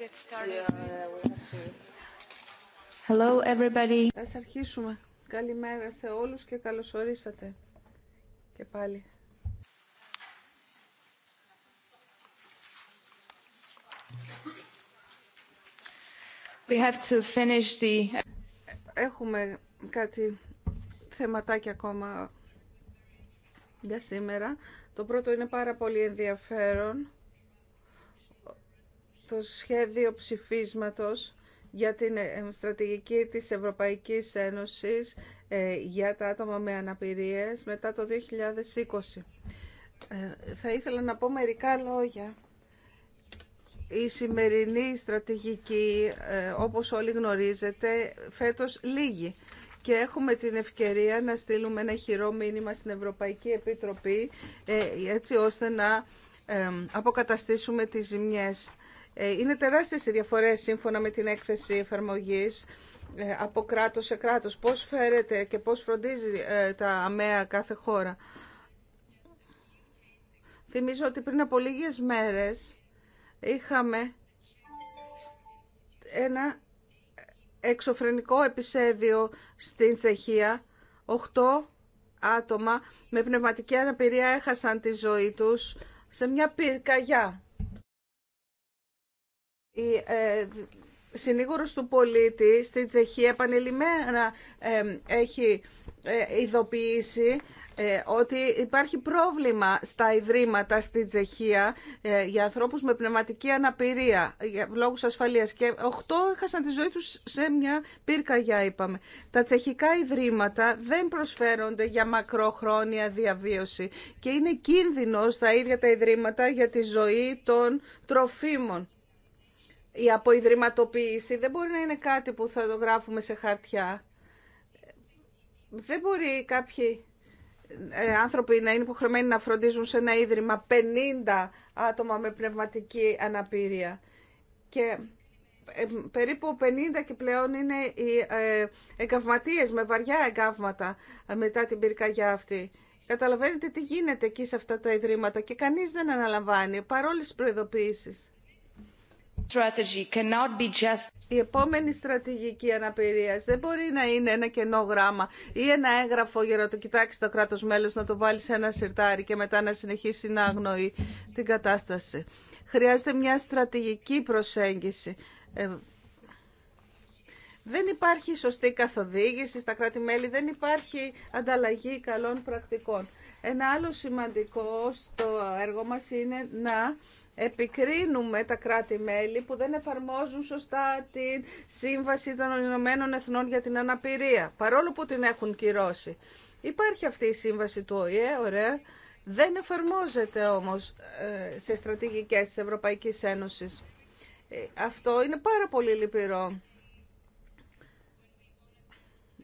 get Hello everybody. Ας αρχίσουμε. Καλημέρα σε όλους και καλώς ορίσατε. Και πάλι. We have to finish the... Έχουμε κάτι θεματάκι ακόμα για σήμερα. Το πρώτο είναι πάρα πολύ ενδιαφέρον το σχέδιο ψηφίσματος για την ε, ε, στρατηγική της Ευρωπαϊκής Ένωσης ε, για τα άτομα με αναπηρίες μετά το 2020. Θα ήθελα να πω μερικά λόγια. Η σημερινή στρατηγική, όπως όλοι γνωρίζετε, φέτος λίγη και έχουμε την ευκαιρία να στείλουμε ένα χειρό μήνυμα στην Ευρωπαϊκή Επιτροπή έτσι ώστε να αποκαταστήσουμε τις ζημιές ε, είναι τεράστιες οι διαφορές σύμφωνα με την έκθεση εφαρμογής ε, από κράτος σε κράτος. Πώς φέρεται και πώς φροντίζει ε, τα αμαία κάθε χώρα. Θυμίζω ότι πριν από λίγες μέρες είχαμε ένα εξωφρενικό επισέδιο στην Τσεχία. Οχτώ άτομα με πνευματική αναπηρία έχασαν τη ζωή τους σε μια πυρκαγιά. Η ε, συνήγορος του πολίτη στη Τσεχία επανειλημμένα ε, έχει ε, ειδοποιήσει ε, ότι υπάρχει πρόβλημα στα ιδρύματα στη Τσεχία ε, για ανθρώπους με πνευματική αναπηρία, για λόγους ασφαλείας. Και οχτώ έχασαν τη ζωή τους σε μια πυρκαγιά, είπαμε. Τα τσεχικά ιδρύματα δεν προσφέρονται για μακροχρόνια διαβίωση και είναι κίνδυνο στα ίδια τα ιδρύματα για τη ζωή των τροφίμων η αποϊδρυματοποίηση δεν μπορεί να είναι κάτι που θα το γράφουμε σε χαρτιά. Δεν μπορεί κάποιοι ε, άνθρωποι να είναι υποχρεωμένοι να φροντίζουν σε ένα ίδρυμα 50 άτομα με πνευματική αναπηρία. Και ε, περίπου 50 και πλέον είναι οι ε, εγκαυματίες με βαριά εγκαύματα μετά την πυρκαγιά αυτή. Καταλαβαίνετε τι γίνεται εκεί σε αυτά τα ιδρύματα και κανείς δεν αναλαμβάνει παρόλες προειδοποίησεις. Η επόμενη στρατηγική αναπηρία δεν μπορεί να είναι ένα κενό γράμμα ή ένα έγγραφο για να το κοιτάξει το κράτο μέλο, να το βάλει σε ένα σιρτάρι και μετά να συνεχίσει να αγνοεί την κατάσταση. Χρειάζεται μια στρατηγική προσέγγιση. Ε, δεν υπάρχει σωστή καθοδήγηση στα κράτη-μέλη, δεν υπάρχει ανταλλαγή καλών πρακτικών. Ένα άλλο σημαντικό στο έργο μας είναι να επικρίνουμε τα κράτη-μέλη που δεν εφαρμόζουν σωστά την Σύμβαση των Ηνωμένων Εθνών για την Αναπηρία, παρόλο που την έχουν κυρώσει. Υπάρχει αυτή η Σύμβαση του ΟΗΕ, ωραία, δεν εφαρμόζεται όμως ε, σε στρατηγικές της Ευρωπαϊκής Ένωσης. Ε, αυτό είναι πάρα πολύ λυπηρό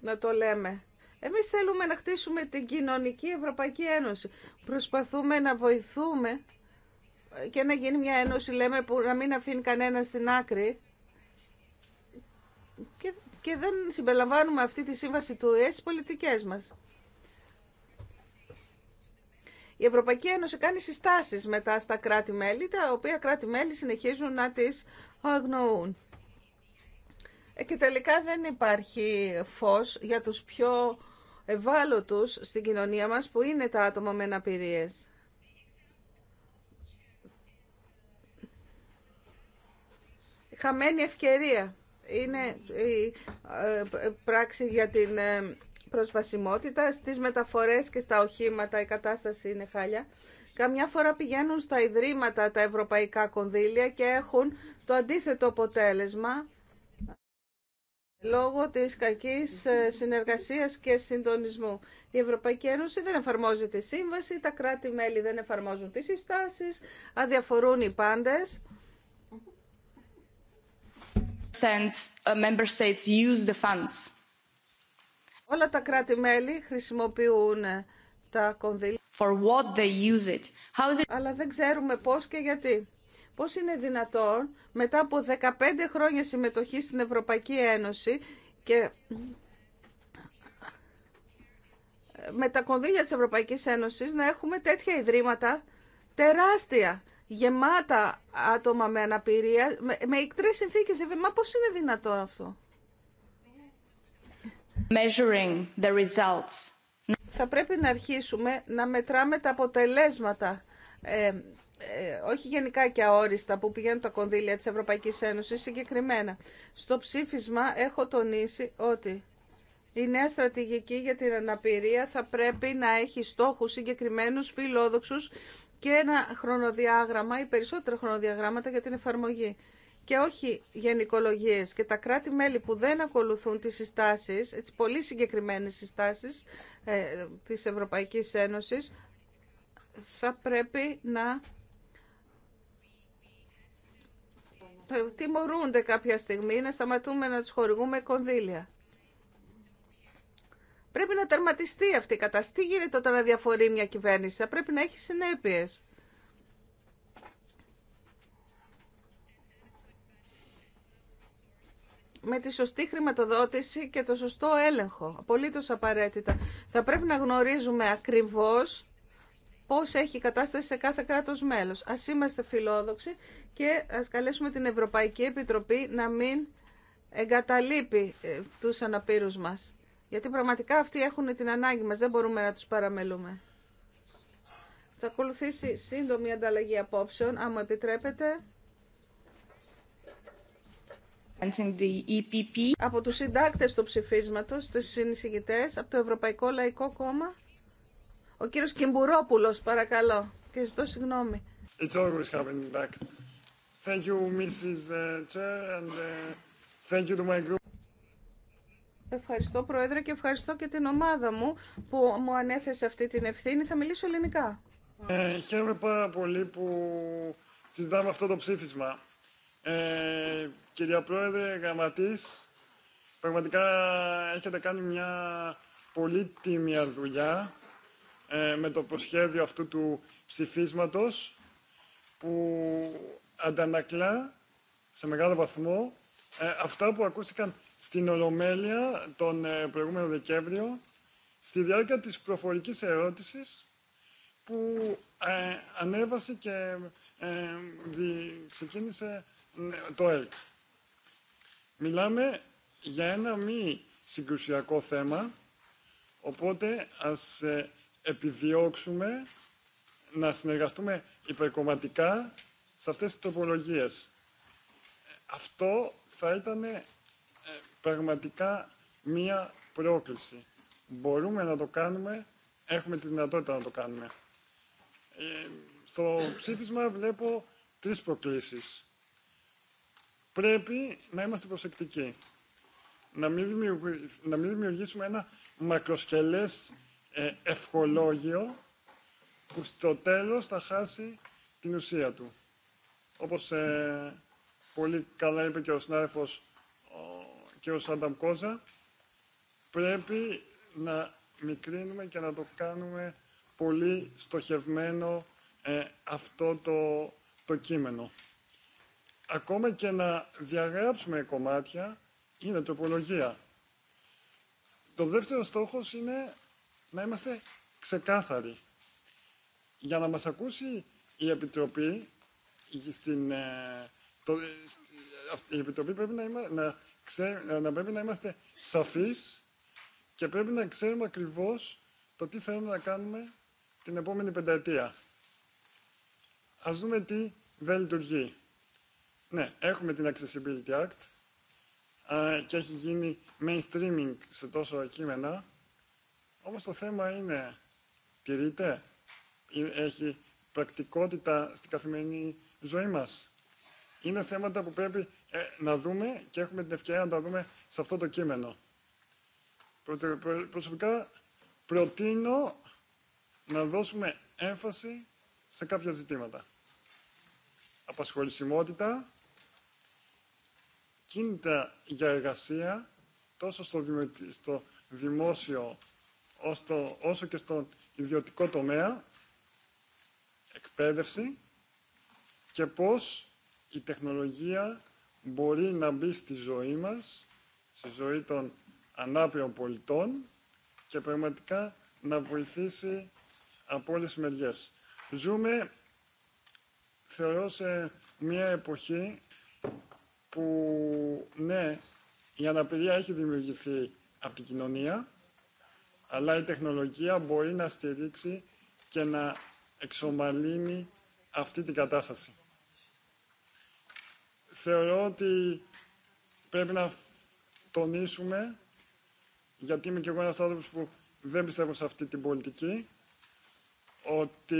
να το λέμε. Εμείς θέλουμε να χτίσουμε την κοινωνική Ευρωπαϊκή Ένωση. Προσπαθούμε να βοηθούμε και να γίνει μια ένωση, λέμε, που να μην αφήνει κανένα στην άκρη. Και, δεν συμπεριλαμβάνουμε αυτή τη σύμβαση του ΕΕ στι πολιτικέ μας. Η Ευρωπαϊκή Ένωση κάνει συστάσεις μετά στα κράτη-μέλη, τα οποία κράτη-μέλη συνεχίζουν να τις αγνοούν. Ε, και τελικά δεν υπάρχει φως για τους πιο ευάλωτους στην κοινωνία μας, που είναι τα άτομα με αναπηρίες. χαμένη ευκαιρία. Είναι η ε, ε, πράξη για την ε, προσβασιμότητα. Στις μεταφορές και στα οχήματα η κατάσταση είναι χάλια. Καμιά φορά πηγαίνουν στα ιδρύματα τα ευρωπαϊκά κονδύλια και έχουν το αντίθετο αποτέλεσμα λόγω της κακής συνεργασίας και συντονισμού. Η Ευρωπαϊκή Ένωση δεν εφαρμόζει τη σύμβαση, τα κράτη-μέλη δεν εφαρμόζουν τις συστάσεις, αδιαφορούν οι πάντες. Uh, member states Όλα τα κράτη-μέλη χρησιμοποιούν ε, τα κονδύλια. what they use it. Αλλά δεν ξέρουμε πώς και γιατί. Πώς είναι δυνατόν μετά από 15 χρόνια συμμετοχή στην Ευρωπαϊκή Ένωση και ε, με τα κονδύλια της Ευρωπαϊκής Ένωσης να έχουμε τέτοια ιδρύματα τεράστια γεμάτα άτομα με αναπηρία, με, με εκτρές συνθήκες. Μα πώς είναι δυνατόν αυτό. Measuring the Θα πρέπει να αρχίσουμε να μετράμε τα αποτελέσματα. Ε, ε, όχι γενικά και αόριστα που πηγαίνουν τα κονδύλια της Ευρωπαϊκής Ένωσης συγκεκριμένα. Στο ψήφισμα έχω τονίσει ότι η νέα στρατηγική για την αναπηρία θα πρέπει να έχει στόχους συγκεκριμένους, φιλόδοξους και ένα χρονοδιάγραμμα ή περισσότερα χρονοδιαγράμματα για την εφαρμογή και όχι γενικολογίε και τα κράτη-μέλη που δεν ακολουθούν τις συστάσεις, τι πολύ συγκεκριμένες συστάσεις ε, της Ευρωπαϊκής Ένωσης, θα πρέπει να τιμωρούνται κάποια στιγμή, να σταματούμε να τους χορηγούμε κονδύλια. Πρέπει να τερματιστεί αυτή η κατάσταση. Τι γίνεται όταν αδιαφορεί μια κυβέρνηση. Θα πρέπει να έχει συνέπειες. με τη σωστή χρηματοδότηση και το σωστό έλεγχο. Απολύτως απαραίτητα. Θα πρέπει να γνωρίζουμε ακριβώς πώς έχει η κατάσταση σε κάθε κράτος μέλος. Ας είμαστε φιλόδοξοι και ας καλέσουμε την Ευρωπαϊκή Επιτροπή να μην εγκαταλείπει ε, τους αναπήρους μας. Γιατί πραγματικά αυτοί έχουν την ανάγκη μας, δεν μπορούμε να τους παραμελούμε. Θα ακολουθήσει σύντομη ανταλλαγή απόψεων, αν μου επιτρέπετε. E από τους συντάκτες του ψηφίσματος, τους συνεισηγητές, από το Ευρωπαϊκό Λαϊκό Κόμμα, ο κύριος Κιμπουρόπουλος, παρακαλώ, και ζητώ συγγνώμη. Thank you, Mrs. Chair, and uh, thank you Ευχαριστώ Πρόεδρε και ευχαριστώ και την ομάδα μου που μου ανέθεσε αυτή την ευθύνη. Θα μιλήσω ελληνικά. Ε, χαίρομαι πάρα πολύ που συζητάμε αυτό το ψήφισμα. Ε, κυρία Πρόεδρε, γραμματής, πραγματικά έχετε κάνει μια πολύτιμη δουλειά ε, με το προσχέδιο αυτού του ψηφίσματος που αντανακλά σε μεγάλο βαθμό ε, αυτά που ακούστηκαν στην Ολομέλεια τον ε, προηγούμενο Δεκέμβριο στη διάρκεια της προφορικής ερώτησης που ε, ανέβασε και ε, ξεκίνησε το ΕΛΚ. Μιλάμε για ένα μη συγκρουσιακό θέμα, οπότε ας επιδιώξουμε να συνεργαστούμε υπερκομματικά σε αυτές τις τοπολογίες Αυτό θα ήταν πραγματικά μία πρόκληση. Μπορούμε να το κάνουμε, έχουμε τη δυνατότητα να το κάνουμε. Ε, στο ψήφισμα βλέπω τρεις προκλήσεις. Πρέπει να είμαστε προσεκτικοί. Να μην, να δημιουργήσουμε ένα μακροσκελές ε, ευχολόγιο που στο τέλος θα χάσει την ουσία του. Όπως ε, πολύ καλά είπε και ο συνάδελφος και ο Σάνταμ Κόζα, πρέπει να μικρύνουμε και να το κάνουμε πολύ στοχευμένο ε, αυτό το, το κείμενο. Ακόμα και να διαγράψουμε κομμάτια είναι τροπολογία. Το δεύτερο στόχος είναι να είμαστε ξεκάθαροι. Για να μας ακούσει η Επιτροπή, στην, ε, το, ε, η Επιτροπή πρέπει να, να ε, να πρέπει να είμαστε σαφείς και πρέπει να ξέρουμε ακριβώς το τι θέλουμε να κάνουμε την επόμενη πενταετία. Ας δούμε τι δεν λειτουργεί. Ναι, έχουμε την Accessibility Act και έχει γίνει mainstreaming σε τόσο κείμενα, όμως το θέμα είναι, τηρείται, ε, έχει πρακτικότητα στην καθημερινή ζωή μας. Είναι θέματα που πρέπει ε, να δούμε και έχουμε την ευκαιρία να τα δούμε σε αυτό το κείμενο. Προσωπικά προτείνω να δώσουμε έμφαση σε κάποια ζητήματα. Απασχολησιμότητα, κίνητα για εργασία, τόσο στο, στο δημόσιο όσο και στον ιδιωτικό τομέα, εκπαίδευση και πώς η τεχνολογία μπορεί να μπει στη ζωή μας, στη ζωή των ανάπηρων πολιτών και πραγματικά να βοηθήσει από όλες τις μεριές. Ζούμε, θεωρώ, σε μια εποχή που, ναι, η αναπηρία έχει δημιουργηθεί από την κοινωνία, αλλά η τεχνολογία μπορεί να στηρίξει και να εξομαλύνει αυτή την κατάσταση θεωρώ ότι πρέπει να τονίσουμε, γιατί είμαι και εγώ ένας άνθρωπος που δεν πιστεύω σε αυτή την πολιτική, ότι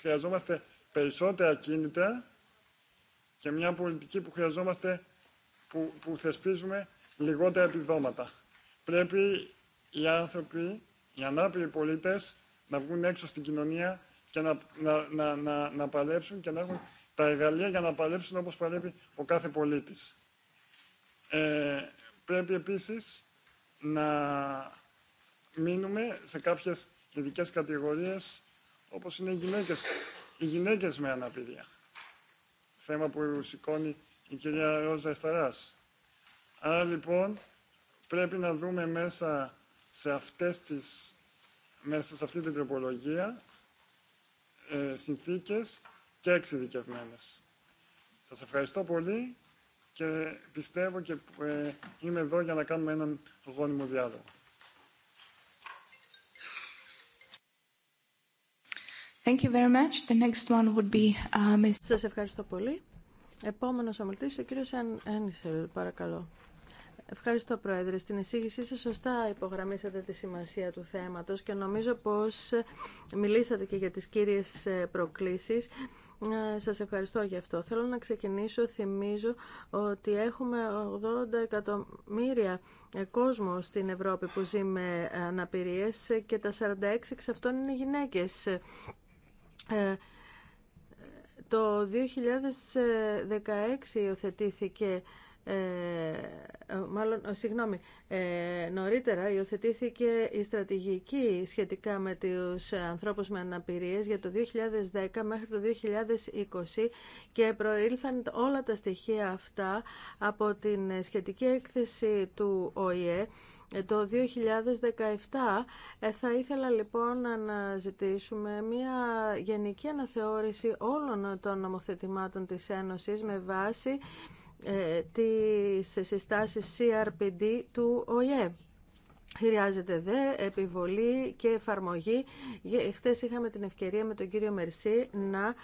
χρειαζόμαστε περισσότερα κίνητρα και μια πολιτική που χρειαζόμαστε, που, που θεσπίζουμε λιγότερα επιδόματα. Πρέπει οι άνθρωποι, οι ανάπηροι πολίτες να βγουν έξω στην κοινωνία και να, να, να, να, να παλέψουν και να έχουν τα εργαλεία για να παλέψουν όπως παλεύει ο κάθε πολίτης. Ε, πρέπει επίσης να μείνουμε σε κάποιες ειδικέ κατηγορίες όπως είναι οι γυναίκες, οι γυναίκες με αναπηρία. Θέμα που σηκώνει η κυρία Ρόζα Εσταράς. Άρα λοιπόν πρέπει να δούμε μέσα σε, αυτές τις, μέσα σε αυτή την τροπολογία ε, συνθήκες και εξειδικευμένες. Σας ευχαριστώ πολύ και πιστεύω και ε, είμαι εδώ για να κάνουμε έναν γόνιμο διάλογο. Thank you very much. The next one would be, uh, Σας ευχαριστώ πολύ. Επόμενος ομιλητής, ο κύριος Ένισελ, παρακαλώ. Ευχαριστώ Πρόεδρε. Στην εισήγησή σα σωστά υπογραμμίσατε τη σημασία του θέματος και νομίζω πως μιλήσατε και για τις κύριες ε, προκλήσεις. Ε, σας ευχαριστώ για αυτό. Θέλω να ξεκινήσω, θυμίζω ότι έχουμε 80 εκατομμύρια ε, κόσμο στην Ευρώπη που ζει με αναπηρίες και τα 46 εξ αυτών είναι γυναίκες. Το 2016 υιοθετήθηκε ε, ε, μάλλον, ε, συγγνώμη, νωρίτερα υιοθετήθηκε η στρατηγική σχετικά με τους ανθρώπους με αναπηρίες για το 2010 μέχρι το 2020 και προήλθαν όλα τα στοιχεία αυτά από την σχετική έκθεση του ΟΗΕ το 2017 θα ήθελα λοιπόν να αναζητήσουμε μια γενική αναθεώρηση όλων των νομοθετημάτων της Ένωσης με βάση ε, τις συστάσεις CRPD του ΟΗΕ. Χρειάζεται δε επιβολή και εφαρμογή. Χθε είχαμε την ευκαιρία με τον κύριο Μερσή να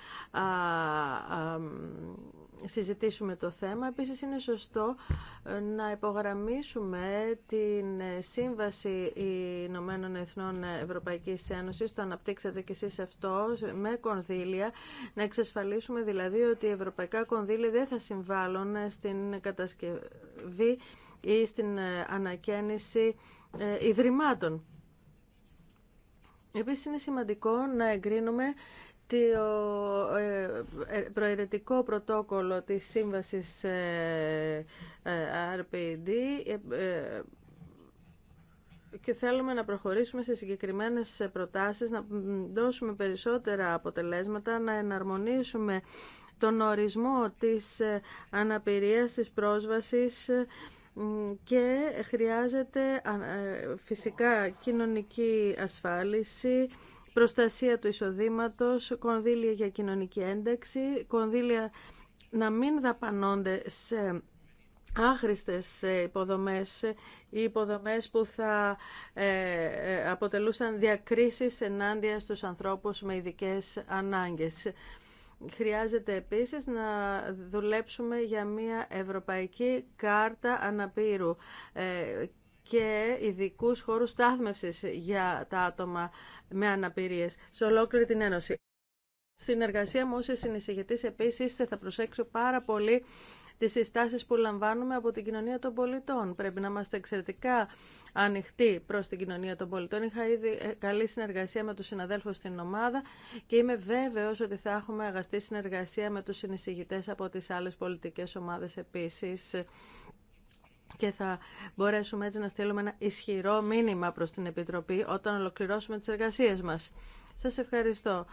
συζητήσουμε το θέμα. Επίσης είναι σωστό ε, να υπογραμμίσουμε την ε, Σύμβαση Ηνωμένων Εθνών Ευρωπαϊκής Ένωσης, το αναπτύξατε και εσείς αυτό, με κονδύλια, να εξασφαλίσουμε δηλαδή ότι οι ευρωπαϊκά κονδύλια δεν θα συμβάλλουν στην κατασκευή ή στην ε, ανακαίνιση ιδρυμάτων. Επίσης είναι σημαντικό να εγκρίνουμε το ε, ε, προαιρετικό πρωτόκολλο της σύμβασης ε, RPD και θέλουμε να προχωρήσουμε σε συγκεκριμένες προτάσεις, να δώσουμε περισσότερα αποτελέσματα, να εναρμονίσουμε τον ορισμό της αναπηρίας, της πρόσβασης και χρειάζεται φυσικά κοινωνική ασφάλιση, προστασία του εισοδήματος, κονδύλια για κοινωνική ένταξη, κονδύλια να μην δαπανώνται σε άχρηστες υποδομές ή υποδομές που θα ε, ε, αποτελούσαν διακρίσεις ενάντια στους ανθρώπους με ειδικές ανάγκες. Χρειάζεται επίσης να δουλέψουμε για μια ευρωπαϊκή κάρτα αναπήρου ε, και ειδικού χώρου στάθμευσης για τα άτομα με αναπηρίε σε ολόκληρη την Ένωση. Συνεργασία μου ως συνεισηγητής επίσης θα προσέξω πάρα πολύ τις συστάσεις που λαμβάνουμε από την κοινωνία των πολιτών. Πρέπει να είμαστε εξαιρετικά ανοιχτοί προς την κοινωνία των πολιτών. Είχα ήδη ε, καλή συνεργασία με τους συναδέλφους στην ομάδα και είμαι βέβαιος ότι θα έχουμε αγαστή συνεργασία με τους συνεισηγητές από τις άλλες πολιτικές ομάδες επίσης και θα μπορέσουμε έτσι να στείλουμε ένα ισχυρό μήνυμα προς την Επιτροπή όταν ολοκληρώσουμε τις εργασίες μας. Σας ευχαριστώ.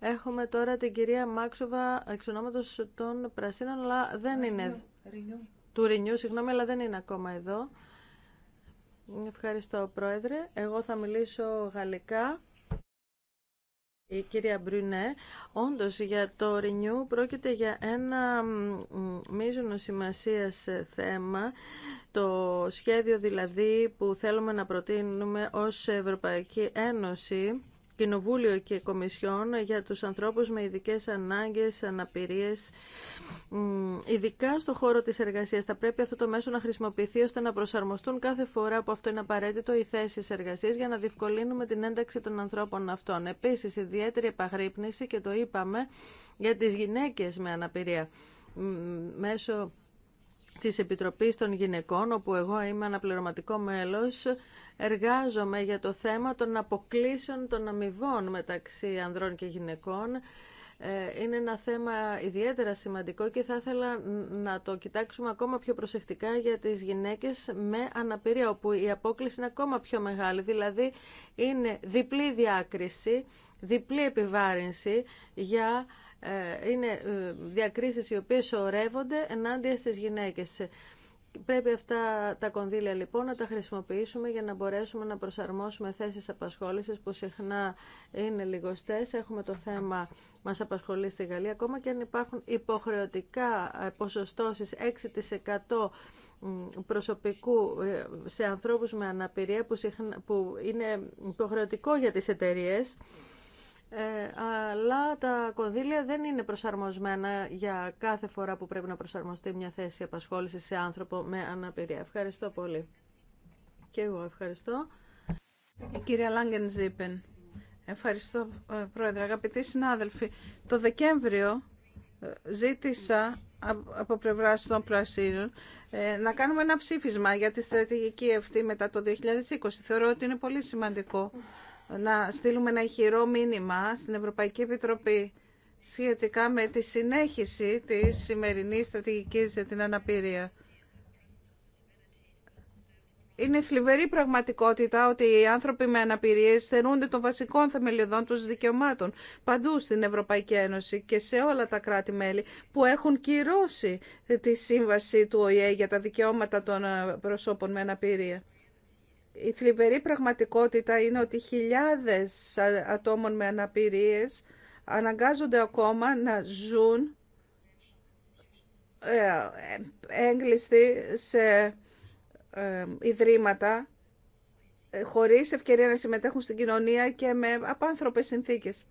Έχουμε τώρα την κυρία Μάξοβα εξ ονόματος των Πρασίνων, αλλά δεν είναι... Ρινιού. Του Ρινιού, συγγνώμη, αλλά δεν είναι ακόμα εδώ. Ευχαριστώ, Πρόεδρε. Εγώ θα μιλήσω γαλλικά η κυρία Μπρουνέ. Όντως για το Renew πρόκειται για ένα μείζονο σημασίας θέμα, το σχέδιο δηλαδή που θέλουμε να προτείνουμε ως Ευρωπαϊκή Ένωση Κοινοβούλιο και Κομισιόν για τους ανθρώπους με ειδικές ανάγκες, αναπηρίες. Ειδικά στο χώρο της εργασίας θα πρέπει αυτό το μέσο να χρησιμοποιηθεί ώστε να προσαρμοστούν κάθε φορά που αυτό είναι απαραίτητο οι θέσεις εργασίας για να διευκολύνουμε την ένταξη των ανθρώπων αυτών. Επίσης, ιδιαίτερη επαγρύπνηση και το είπαμε για τις γυναίκες με αναπηρία μέσω της Επιτροπής των Γυναικών, όπου εγώ είμαι αναπληρωματικό μέλος, εργάζομαι για το θέμα των αποκλήσεων των αμοιβών μεταξύ ανδρών και γυναικών. Ε, είναι ένα θέμα ιδιαίτερα σημαντικό και θα ήθελα να το κοιτάξουμε ακόμα πιο προσεκτικά για τις γυναίκες με αναπηρία, όπου η απόκληση είναι ακόμα πιο μεγάλη, δηλαδή είναι διπλή διάκριση, διπλή επιβάρυνση για ε, είναι ε, διακρίσεις οι οποίες σωρεύονται ενάντια στις γυναίκες. Πρέπει αυτά τα κονδύλια λοιπόν να τα χρησιμοποιήσουμε για να μπορέσουμε να προσαρμόσουμε θέσεις απασχόλησης που συχνά είναι λιγοστές. Έχουμε το θέμα μας απασχολεί στη Γαλλία ακόμα και αν υπάρχουν υποχρεωτικά ε, ποσοστώσεις 6% προσωπικού σε ανθρώπους με αναπηρία που, που είναι υποχρεωτικό για τις εταιρείες ε, αλλά τα κονδύλια δεν είναι προσαρμοσμένα για κάθε φορά που πρέπει να προσαρμοστεί μια θέση απασχόληση σε άνθρωπο με αναπηρία. Ευχαριστώ πολύ. Και εγώ ευχαριστώ. Η κυρία Λάγκεν Ζήπεν. Ευχαριστώ, ε, Πρόεδρε. Αγαπητοί συνάδελφοι, το Δεκέμβριο ε, ζήτησα από πλευρά των Πρασίνων να κάνουμε ένα ψήφισμα για τη στρατηγική αυτή μετά το 2020. Θεωρώ ότι είναι πολύ σημαντικό να στείλουμε ένα ηχηρό μήνυμα στην Ευρωπαϊκή Επιτροπή σχετικά με τη συνέχιση της σημερινής στρατηγικής για την αναπηρία. Είναι θλιβερή πραγματικότητα ότι οι άνθρωποι με αναπηρίες θερούνται των βασικών θεμελιωδών τους δικαιωμάτων παντού στην Ευρωπαϊκή Ένωση και σε όλα τα κράτη-μέλη που έχουν κυρώσει τη σύμβαση του ΟΗΕ για τα δικαιώματα των προσώπων με αναπηρία. Η θλιβερή πραγματικότητα είναι ότι χιλιάδες ατόμων με αναπηρίες αναγκάζονται ακόμα να ζουν ε, ε, έγκλειστοι σε ε, ιδρύματα χωρίς ευκαιρία να συμμετέχουν στην κοινωνία και με απάνθρωπες συνθήκες.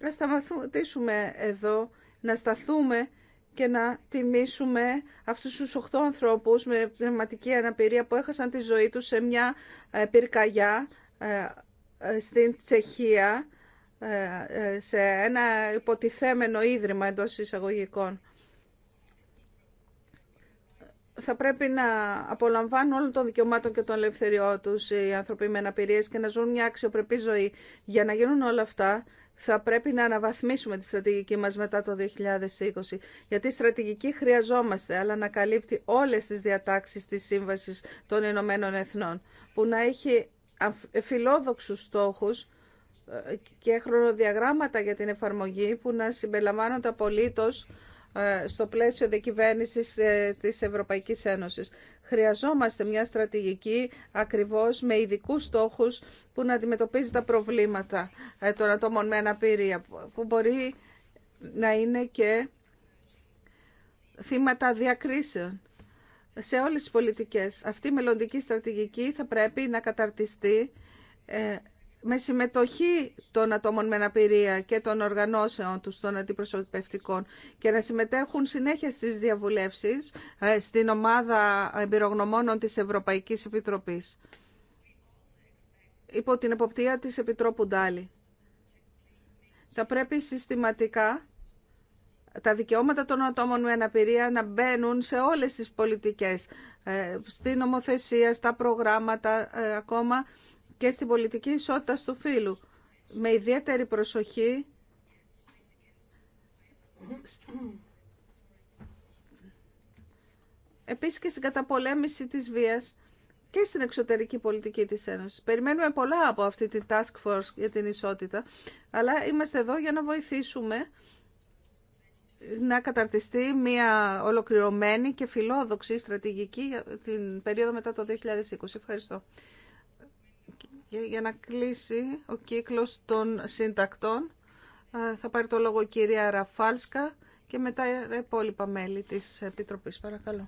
Να σταματήσουμε εδώ, να σταθούμε και να τιμήσουμε αυτούς τους οχτώ ανθρώπους με πνευματική αναπηρία που έχασαν τη ζωή τους σε μια ε, πυρκαγιά ε, ε, στην Τσεχία σε ένα υποτιθέμενο ίδρυμα εντός εισαγωγικών. Θα πρέπει να απολαμβάνουν όλων των δικαιωμάτων και των ελευθεριών τους οι άνθρωποι με αναπηρίες και να ζουν μια αξιοπρεπή ζωή. Για να γίνουν όλα αυτά θα πρέπει να αναβαθμίσουμε τη στρατηγική μας μετά το 2020, γιατί στρατηγική χρειαζόμαστε, αλλά να καλύπτει όλες τις διατάξεις της Σύμβασης των Ηνωμένων Εθνών, που να έχει φιλόδοξους στόχους ε, και χρονοδιαγράμματα για την εφαρμογή που να συμπεριλαμβάνονται απολύτως ε, στο πλαίσιο διακυβέρνησης ε, της Ευρωπαϊκής Ένωσης. Χρειαζόμαστε μια στρατηγική ακριβώς με ειδικού στόχους που να αντιμετωπίζει τα προβλήματα ε, των ατόμων με αναπηρία που μπορεί να είναι και θύματα διακρίσεων σε όλες τις πολιτικές. Αυτή η μελλοντική στρατηγική θα πρέπει να καταρτιστεί με συμμετοχή των ατόμων με αναπηρία και των οργανώσεων τους των αντιπροσωπευτικών και να συμμετέχουν συνέχεια στις διαβουλεύσεις ε, στην ομάδα εμπειρογνωμόνων της Ευρωπαϊκής Επιτροπής υπό την εποπτεία της Επιτρόπου Ντάλη. Θα πρέπει συστηματικά τα δικαιώματα των ατόμων με αναπηρία να μπαίνουν σε όλες τις πολιτικές, ε, στην νομοθεσία, στα προγράμματα, ε, ακόμα και στην πολιτική ισότητα του φίλου, Με ιδιαίτερη προσοχή επίσης και στην καταπολέμηση της βίας και στην εξωτερική πολιτική της Ένωσης. Περιμένουμε πολλά από αυτή την Task Force για την ισότητα, αλλά είμαστε εδώ για να βοηθήσουμε να καταρτιστεί μια ολοκληρωμένη και φιλόδοξη στρατηγική για την περίοδο μετά το 2020. Ευχαριστώ για να κλείσει ο κύκλος των συντακτών ε, θα πάρει το λόγο η κυρία Ραφάλσκα και μετά τα υπόλοιπα μέλη της Επιτροπής. Παρακαλώ.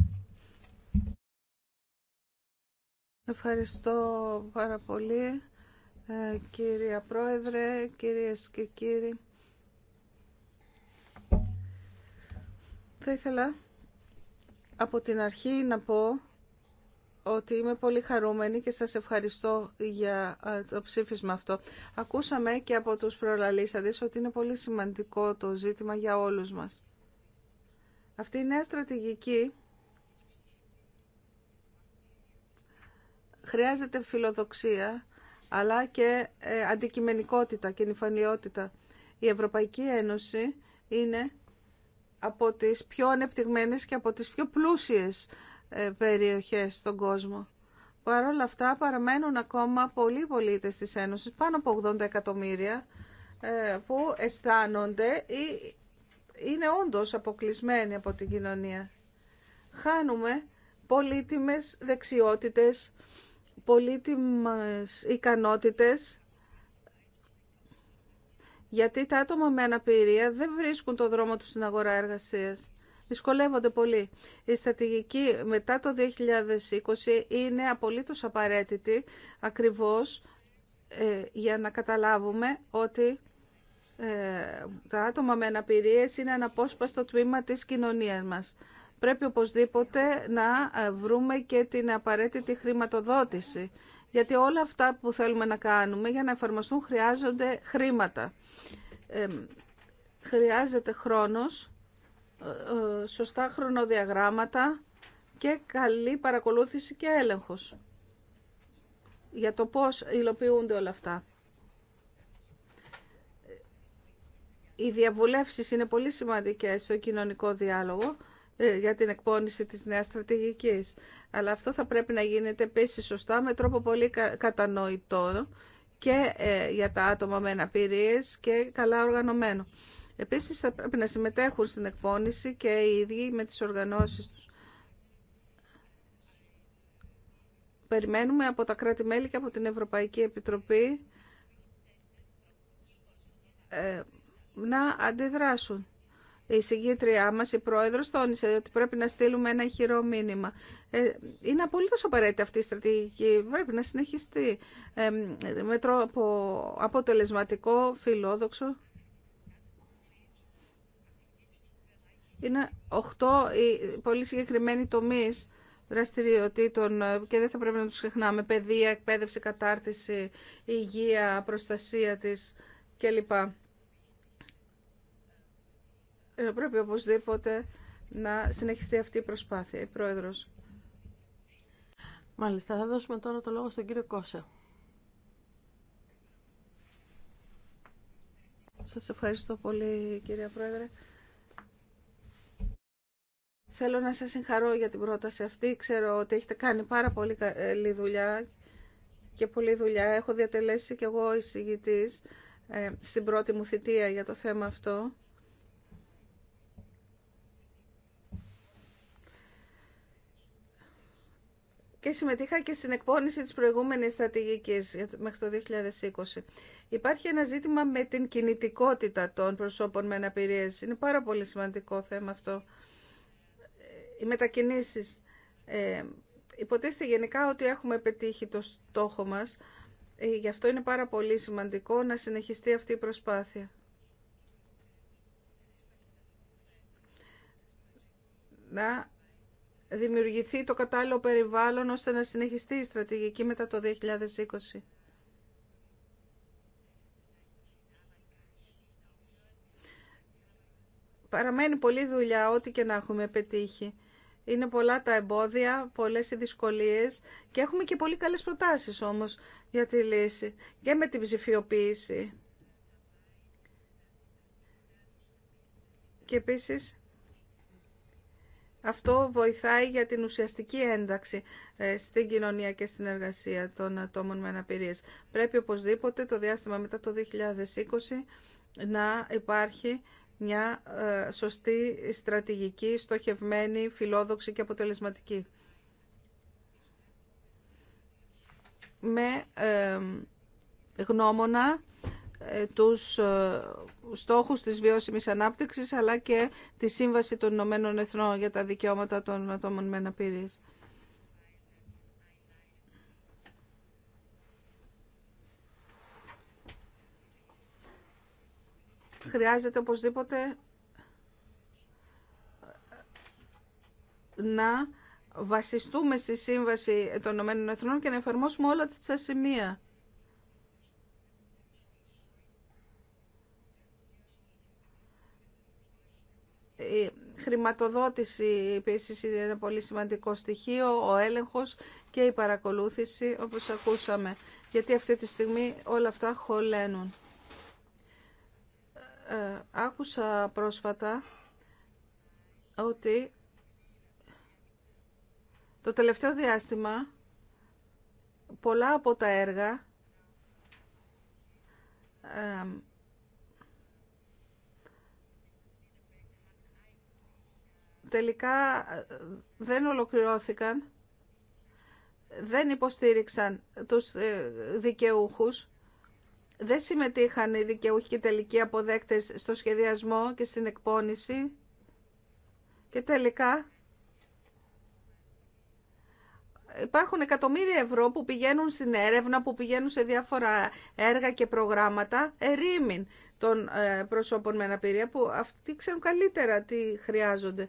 Ευχαριστώ πάρα πολύ ε, κυρία Πρόεδρε, κυρίες και κύριοι. Θα ήθελα από την αρχή να πω ότι είμαι πολύ χαρούμενη και σας ευχαριστώ για το ψήφισμα αυτό. Ακούσαμε και από τους προλαλήσαντες ότι είναι πολύ σημαντικό το ζήτημα για όλους μας. Αυτή η νέα στρατηγική χρειάζεται φιλοδοξία, αλλά και ε, αντικειμενικότητα και νυφανιότητα. Η Ευρωπαϊκή Ένωση είναι από τις πιο ανεπτυγμένες και από τις πιο πλούσιες ε, περιοχές στον κόσμο. Παρ' όλα αυτά παραμένουν ακόμα πολλοί πολίτες της Ένωσης, πάνω από 80 εκατομμύρια, ε, που αισθάνονται ή είναι όντως αποκλεισμένοι από την κοινωνία. Χάνουμε πολύτιμες δεξιότητες, πολύτιμες ικανότητες, γιατί τα άτομα με αναπηρία δεν βρίσκουν το δρόμο τους στην αγορά εργασίας δυσκολεύονται πολύ. Η στρατηγική μετά το 2020 είναι απολύτως απαραίτητη ακριβώς ε, για να καταλάβουμε ότι ε, τα άτομα με αναπηρίες είναι αναπόσπαστο τμήμα της κοινωνίας μας. Πρέπει οπωσδήποτε να ε, βρούμε και την απαραίτητη χρηματοδότηση. Γιατί όλα αυτά που θέλουμε να κάνουμε για να εφαρμοστούν χρειάζονται χρήματα. Ε, χρειάζεται χρόνος ε, σωστά χρονοδιαγράμματα και καλή παρακολούθηση και έλεγχος για το πώς υλοποιούνται όλα αυτά. Οι διαβουλεύσεις είναι πολύ σημαντικές στο κοινωνικό διάλογο ε, για την εκπόνηση της νέας στρατηγικής. Αλλά αυτό θα πρέπει να γίνεται επίσης σωστά με τρόπο πολύ κατανοητό και ε, για τα άτομα με αναπηρίες και καλά οργανωμένο. Επίσης θα πρέπει να συμμετέχουν στην εκπόνηση και οι ίδιοι με τις οργανώσεις τους. Περιμένουμε από τα κράτη-μέλη και από την Ευρωπαϊκή Επιτροπή ε, να αντιδράσουν. Η συγκήτριά μας, η πρόεδρος, τόνισε ότι πρέπει να στείλουμε ένα χειρό μήνυμα. Ε, είναι απολύτω απαραίτητη αυτή η στρατηγική. Πρέπει να συνεχιστεί ε, με τρόπο αποτελεσματικό, φιλόδοξο. Είναι 8 πολύ συγκεκριμένοι τομεί δραστηριοτήτων και δεν θα πρέπει να τους ξεχνάμε. Παιδεία, εκπαίδευση, κατάρτιση, υγεία, προστασία της κλπ. Ε, πρέπει οπωσδήποτε να συνεχιστεί αυτή η προσπάθεια, η Πρόεδρος. Μάλιστα, θα δώσουμε τώρα το λόγο στον κύριο Κώσε. Σας ευχαριστώ πολύ, κυρία Πρόεδρε. Θέλω να σας συγχαρώ για την πρόταση αυτή. Ξέρω ότι έχετε κάνει πάρα πολύ καλή ε, δουλειά και πολλή δουλειά. Έχω διατελέσει κι εγώ εισηγητής ε, στην πρώτη μου θητεία για το θέμα αυτό. και συμμετείχα και στην εκπόνηση της προηγούμενης στρατηγικής μέχρι το 2020. Υπάρχει ένα ζήτημα με την κινητικότητα των προσώπων με αναπηρίες. Είναι πάρα πολύ σημαντικό θέμα αυτό οι μετακινήσεις. Ε, υποτίθεται γενικά ότι έχουμε πετύχει το στόχο μας, ε, γι' αυτό είναι πάρα πολύ σημαντικό να συνεχιστεί αυτή η προσπάθεια. Να δημιουργηθεί το κατάλληλο περιβάλλον ώστε να συνεχιστεί η στρατηγική μετά το 2020. Παραμένει πολλή δουλειά, ό,τι και να έχουμε πετύχει. Είναι πολλά τα εμπόδια, πολλές οι δυσκολίες και έχουμε και πολύ καλές προτάσεις όμως για τη λύση και με την ψηφιοποίηση. Και επίσης αυτό βοηθάει για την ουσιαστική ένταξη ε, στην κοινωνία και στην εργασία των ατόμων με αναπηρίες. Πρέπει οπωσδήποτε το διάστημα μετά το 2020 να υπάρχει μια ε, σωστή στρατηγική, στοχευμένη, φιλόδοξη και αποτελεσματική. Με γνώμονα ε, τους ε, στόχους της βιώσιμης ανάπτυξης αλλά και τη Σύμβαση των Ηνωμένων Εθνών για τα Δικαιώματα των Ατόμων με χρειάζεται οπωσδήποτε να βασιστούμε στη Σύμβαση των Ηνωμένων Εθνών και να εφαρμόσουμε όλα τα σημεία. Η χρηματοδότηση επίση είναι ένα πολύ σημαντικό στοιχείο, ο έλεγχος και η παρακολούθηση όπως ακούσαμε, γιατί αυτή τη στιγμή όλα αυτά χωλένουν. Ε, άκουσα πρόσφατα ότι το τελευταίο διάστημα πολλά από τα έργα τελικά ε, δεν ολοκληρώθηκαν, δεν υποστήριξαν τους ε, δικαιούχους δεν συμμετείχαν οι δικαιούχοι και τελικοί αποδέκτες στο σχεδιασμό και στην εκπόνηση και τελικά υπάρχουν εκατομμύρια ευρώ που πηγαίνουν στην έρευνα, που πηγαίνουν σε διάφορα έργα και προγράμματα ερήμην των ε, προσώπων με αναπηρία που αυτοί ξέρουν καλύτερα τι χρειάζονται.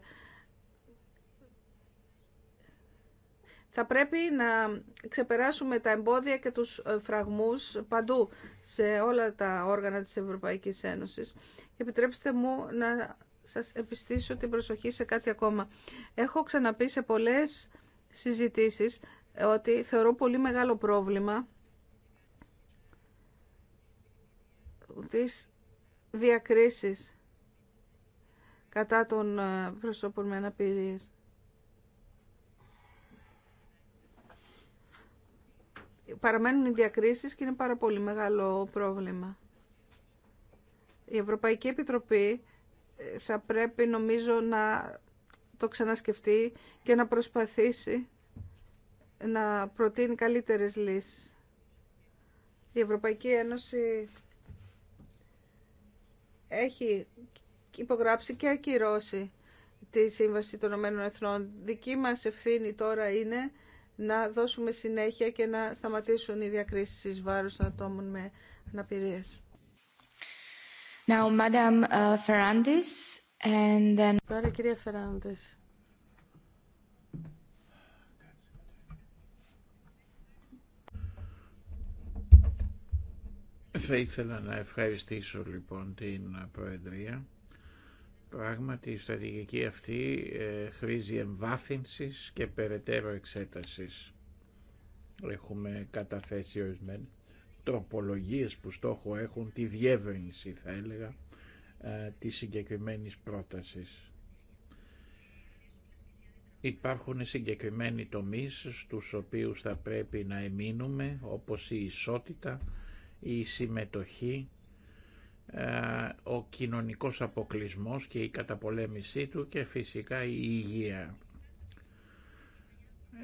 Θα πρέπει να ξεπεράσουμε τα εμπόδια και τους ε, φραγμούς παντού σε όλα τα όργανα της Ευρωπαϊκής Ένωσης. Επιτρέψτε μου να σας επιστήσω την προσοχή σε κάτι ακόμα. Έχω ξαναπεί σε πολλές συζητήσεις ε, ότι θεωρώ πολύ μεγάλο πρόβλημα τις διακρίσεις κατά των ε, προσώπων με αναπηρίες. παραμένουν οι διακρίσεις και είναι πάρα πολύ μεγάλο πρόβλημα. Η Ευρωπαϊκή Επιτροπή ε, θα πρέπει νομίζω να το ξανασκεφτεί και να προσπαθήσει να προτείνει καλύτερες λύσεις. Η Ευρωπαϊκή Ένωση έχει υπογράψει και ακυρώσει τη Σύμβαση των Ηνωμένων Εθνών. Δική μας ευθύνη τώρα είναι να δώσουμε συνέχεια και να σταματήσουν οι διακρίσεις εις βάρος των ατόμων με αναπηρίες. Uh, Τώρα, κυρία Θα ήθελα να ευχαριστήσω λοιπόν την Προεδρία Πράγματι η στρατηγική αυτή ε, χρήζει εμβάθυνσης και περαιτέρω εξέτασης. Έχουμε καταθέσει ορισμένες τροπολογίες που στόχο έχουν τη διεύρυνση θα έλεγα ε, της συγκεκριμένης πρότασης. Υπάρχουν συγκεκριμένοι τομείς στους οποίους θα πρέπει να εμείνουμε όπως η ισότητα, η συμμετοχή, ε, ο κοινωνικός αποκλισμός και η καταπολέμησή του και φυσικά η υγεία.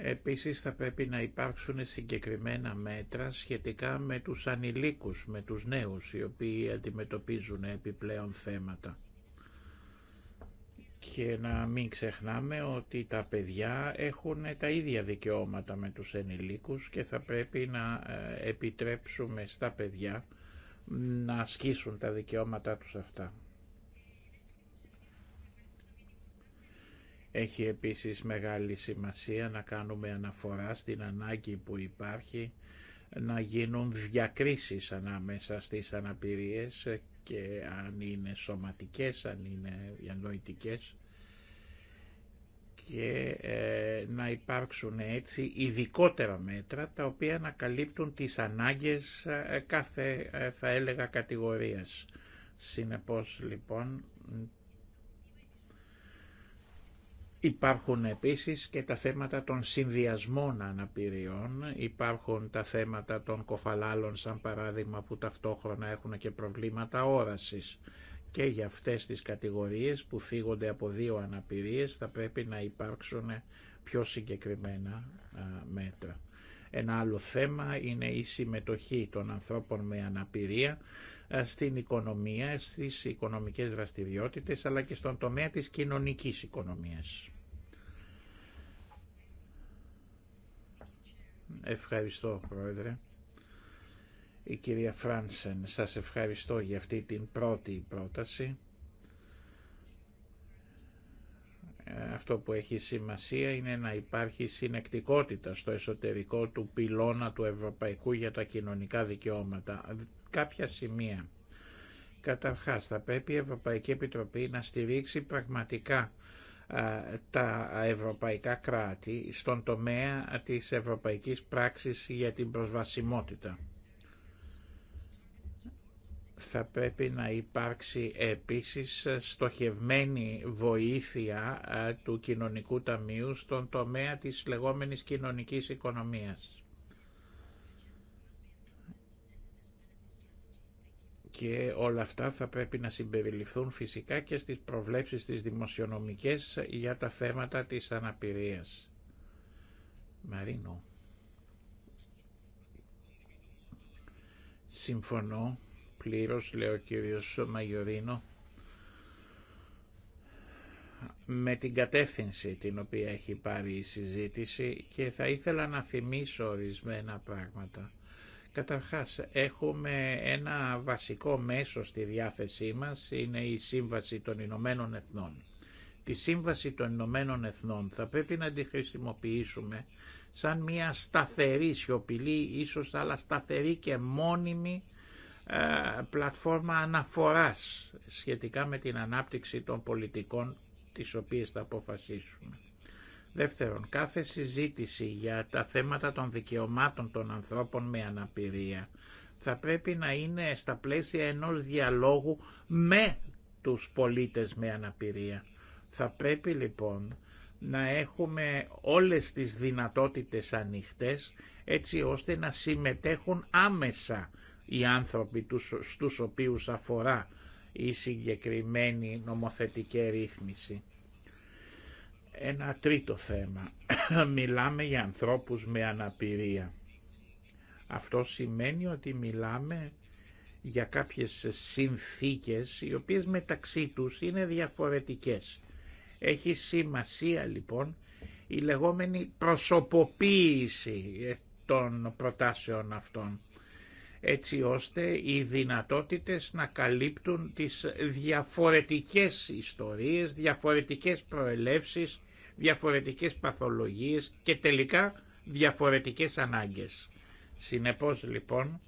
Επίσης θα πρέπει να υπάρξουν συγκεκριμένα μέτρα σχετικά με τους ανηλίκους, με τους νέους, οι οποίοι αντιμετωπίζουν επιπλέον θέματα. Και να μην ξεχνάμε ότι τα παιδιά έχουν τα ίδια δικαιώματα με τους ενηλίκους και θα πρέπει να ε, επιτρέψουμε στα παιδιά να ασκήσουν τα δικαιώματά τους αυτά. Έχει επίσης μεγάλη σημασία να κάνουμε αναφορά στην ανάγκη που υπάρχει να γίνουν διακρίσεις ανάμεσα στις αναπηρίες και αν είναι σωματικές, αν είναι διανοητικές και ε, να υπάρξουν έτσι ειδικότερα μέτρα τα οποία να καλύπτουν τις ανάγκες ε, κάθε ε, θα έλεγα κατηγορίας. Συνεπώς λοιπόν Υπάρχουν επίσης και τα θέματα των συνδυασμών αναπηριών, υπάρχουν τα θέματα των κοφαλάλων σαν παράδειγμα που ταυτόχρονα έχουν και προβλήματα όρασης και για αυτές τις κατηγορίες που φύγονται από δύο αναπηρίες θα πρέπει να υπάρξουν πιο συγκεκριμένα μέτρα. Ένα άλλο θέμα είναι η συμμετοχή των ανθρώπων με αναπηρία στην οικονομία, στις οικονομικές δραστηριότητες αλλά και στον τομέα της κοινωνικής οικονομίας. Ευχαριστώ Πρόεδρε η κυρία Φράνσεν. Σας ευχαριστώ για αυτή την πρώτη πρόταση. Αυτό που έχει σημασία είναι να υπάρχει συνεκτικότητα στο εσωτερικό του πυλώνα του Ευρωπαϊκού για τα κοινωνικά δικαιώματα. Κάποια σημεία. Καταρχάς θα πρέπει η Ευρωπαϊκή Επιτροπή να στηρίξει πραγματικά τα ευρωπαϊκά κράτη στον τομέα της ευρωπαϊκής πράξης για την προσβασιμότητα θα πρέπει να υπάρξει επίσης στοχευμένη βοήθεια του Κοινωνικού Ταμείου στον τομέα της λεγόμενης κοινωνικής οικονομίας. Και όλα αυτά θα πρέπει να συμπεριληφθούν φυσικά και στις προβλέψεις της δημοσιονομικές για τα θέματα της αναπηρίας. Μαρίνο. Συμφωνώ πλήρως, λέει ο κύριος Μαγιορίνο, με την κατεύθυνση την οποία έχει πάρει η συζήτηση και θα ήθελα να θυμίσω ορισμένα πράγματα. Καταρχάς, έχουμε ένα βασικό μέσο στη διάθεσή μας, είναι η Σύμβαση των Ηνωμένων Εθνών. Τη Σύμβαση των Ηνωμένων Εθνών θα πρέπει να τη χρησιμοποιήσουμε σαν μια σταθερή σιωπηλή, ίσως αλλά σταθερή και μόνιμη ε, πλατφόρμα αναφοράς σχετικά με την ανάπτυξη των πολιτικών τις οποίες θα αποφασίσουμε. Δεύτερον, κάθε συζήτηση για τα θέματα των δικαιωμάτων των ανθρώπων με αναπηρία θα πρέπει να είναι στα πλαίσια ενός διαλόγου με τους πολίτες με αναπηρία. Θα πρέπει λοιπόν να έχουμε όλες τις δυνατότητες ανοιχτές έτσι ώστε να συμμετέχουν άμεσα οι άνθρωποι στους οποίους αφορά η συγκεκριμένη νομοθετική ρύθμιση. Ένα τρίτο θέμα. Μιλάμε για ανθρώπους με αναπηρία. Αυτό σημαίνει ότι μιλάμε για κάποιες συνθήκες οι οποίες μεταξύ τους είναι διαφορετικές. Έχει σημασία λοιπόν η λεγόμενη προσωποποίηση των προτάσεων αυτών έτσι ώστε οι δυνατότητες να καλύπτουν τις διαφορετικές ιστορίες, διαφορετικές προελεύσεις, διαφορετικές παθολογίες και τελικά διαφορετικές ανάγκες. Συνεπώς λοιπόν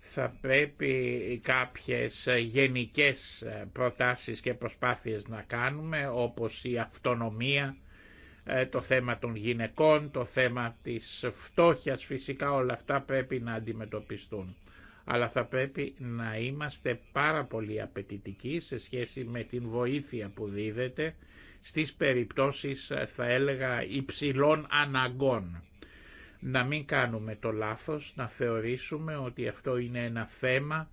θα πρέπει κάποιες γενικές προτάσεις και προσπάθειες να κάνουμε όπως η αυτονομία ε, το θέμα των γυναικών, το θέμα της φτώχειας, φυσικά όλα αυτά πρέπει να αντιμετωπιστούν. Αλλά θα πρέπει να είμαστε πάρα πολύ απαιτητικοί σε σχέση με την βοήθεια που δίδεται στις περιπτώσεις ε, θα έλεγα υψηλών αναγκών. Να μην κάνουμε το λάθος, να θεωρήσουμε ότι αυτό είναι ένα θέμα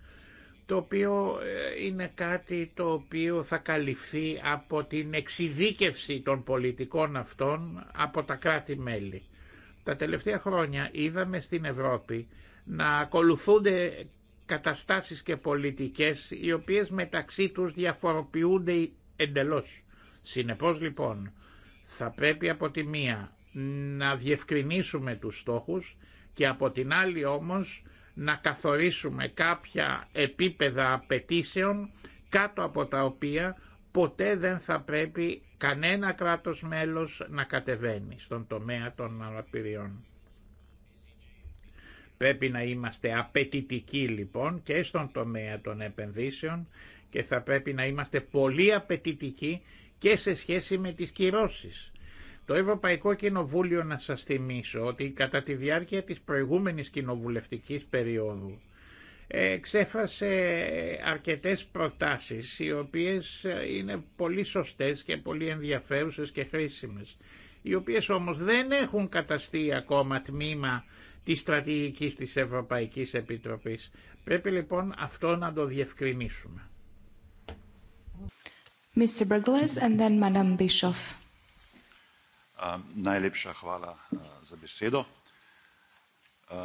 το οποίο ε, είναι κάτι το οποίο θα καλυφθεί από την εξειδίκευση των πολιτικών αυτών από τα κράτη-μέλη. Τα τελευταία χρόνια είδαμε στην Ευρώπη να ακολουθούνται καταστάσεις και πολιτικές οι οποίες μεταξύ τους διαφοροποιούνται εντελώς. Συνεπώς λοιπόν θα πρέπει από τη μία να διευκρινίσουμε τους στόχους και από την άλλη όμως να καθορίσουμε κάποια επίπεδα απαιτήσεων κάτω από τα οποία ποτέ δεν θα πρέπει κανένα κράτος μέλος να κατεβαίνει στον τομέα των αναπηριών. Πρέπει να είμαστε απαιτητικοί λοιπόν και στον τομέα των επενδύσεων και θα πρέπει να είμαστε πολύ απαιτητικοί και σε σχέση με τις κυρώσεις. Το Ευρωπαϊκό Κοινοβούλιο να σας θυμίσω ότι κατά τη διάρκεια της προηγούμενης κοινοβουλευτικής περίοδου εξέφρασε αρκετές προτάσεις οι οποίες ε, είναι πολύ σωστές και πολύ ενδιαφέρουσες και χρήσιμες οι οποίες όμως δεν έχουν καταστεί ακόμα τμήμα της στρατηγικής της Ευρωπαϊκής Επιτροπής. Πρέπει λοιπόν αυτό να το διευκρινίσουμε. Mr. and then Madame Ehm, najlepša hvala eh, za besedo. Eh,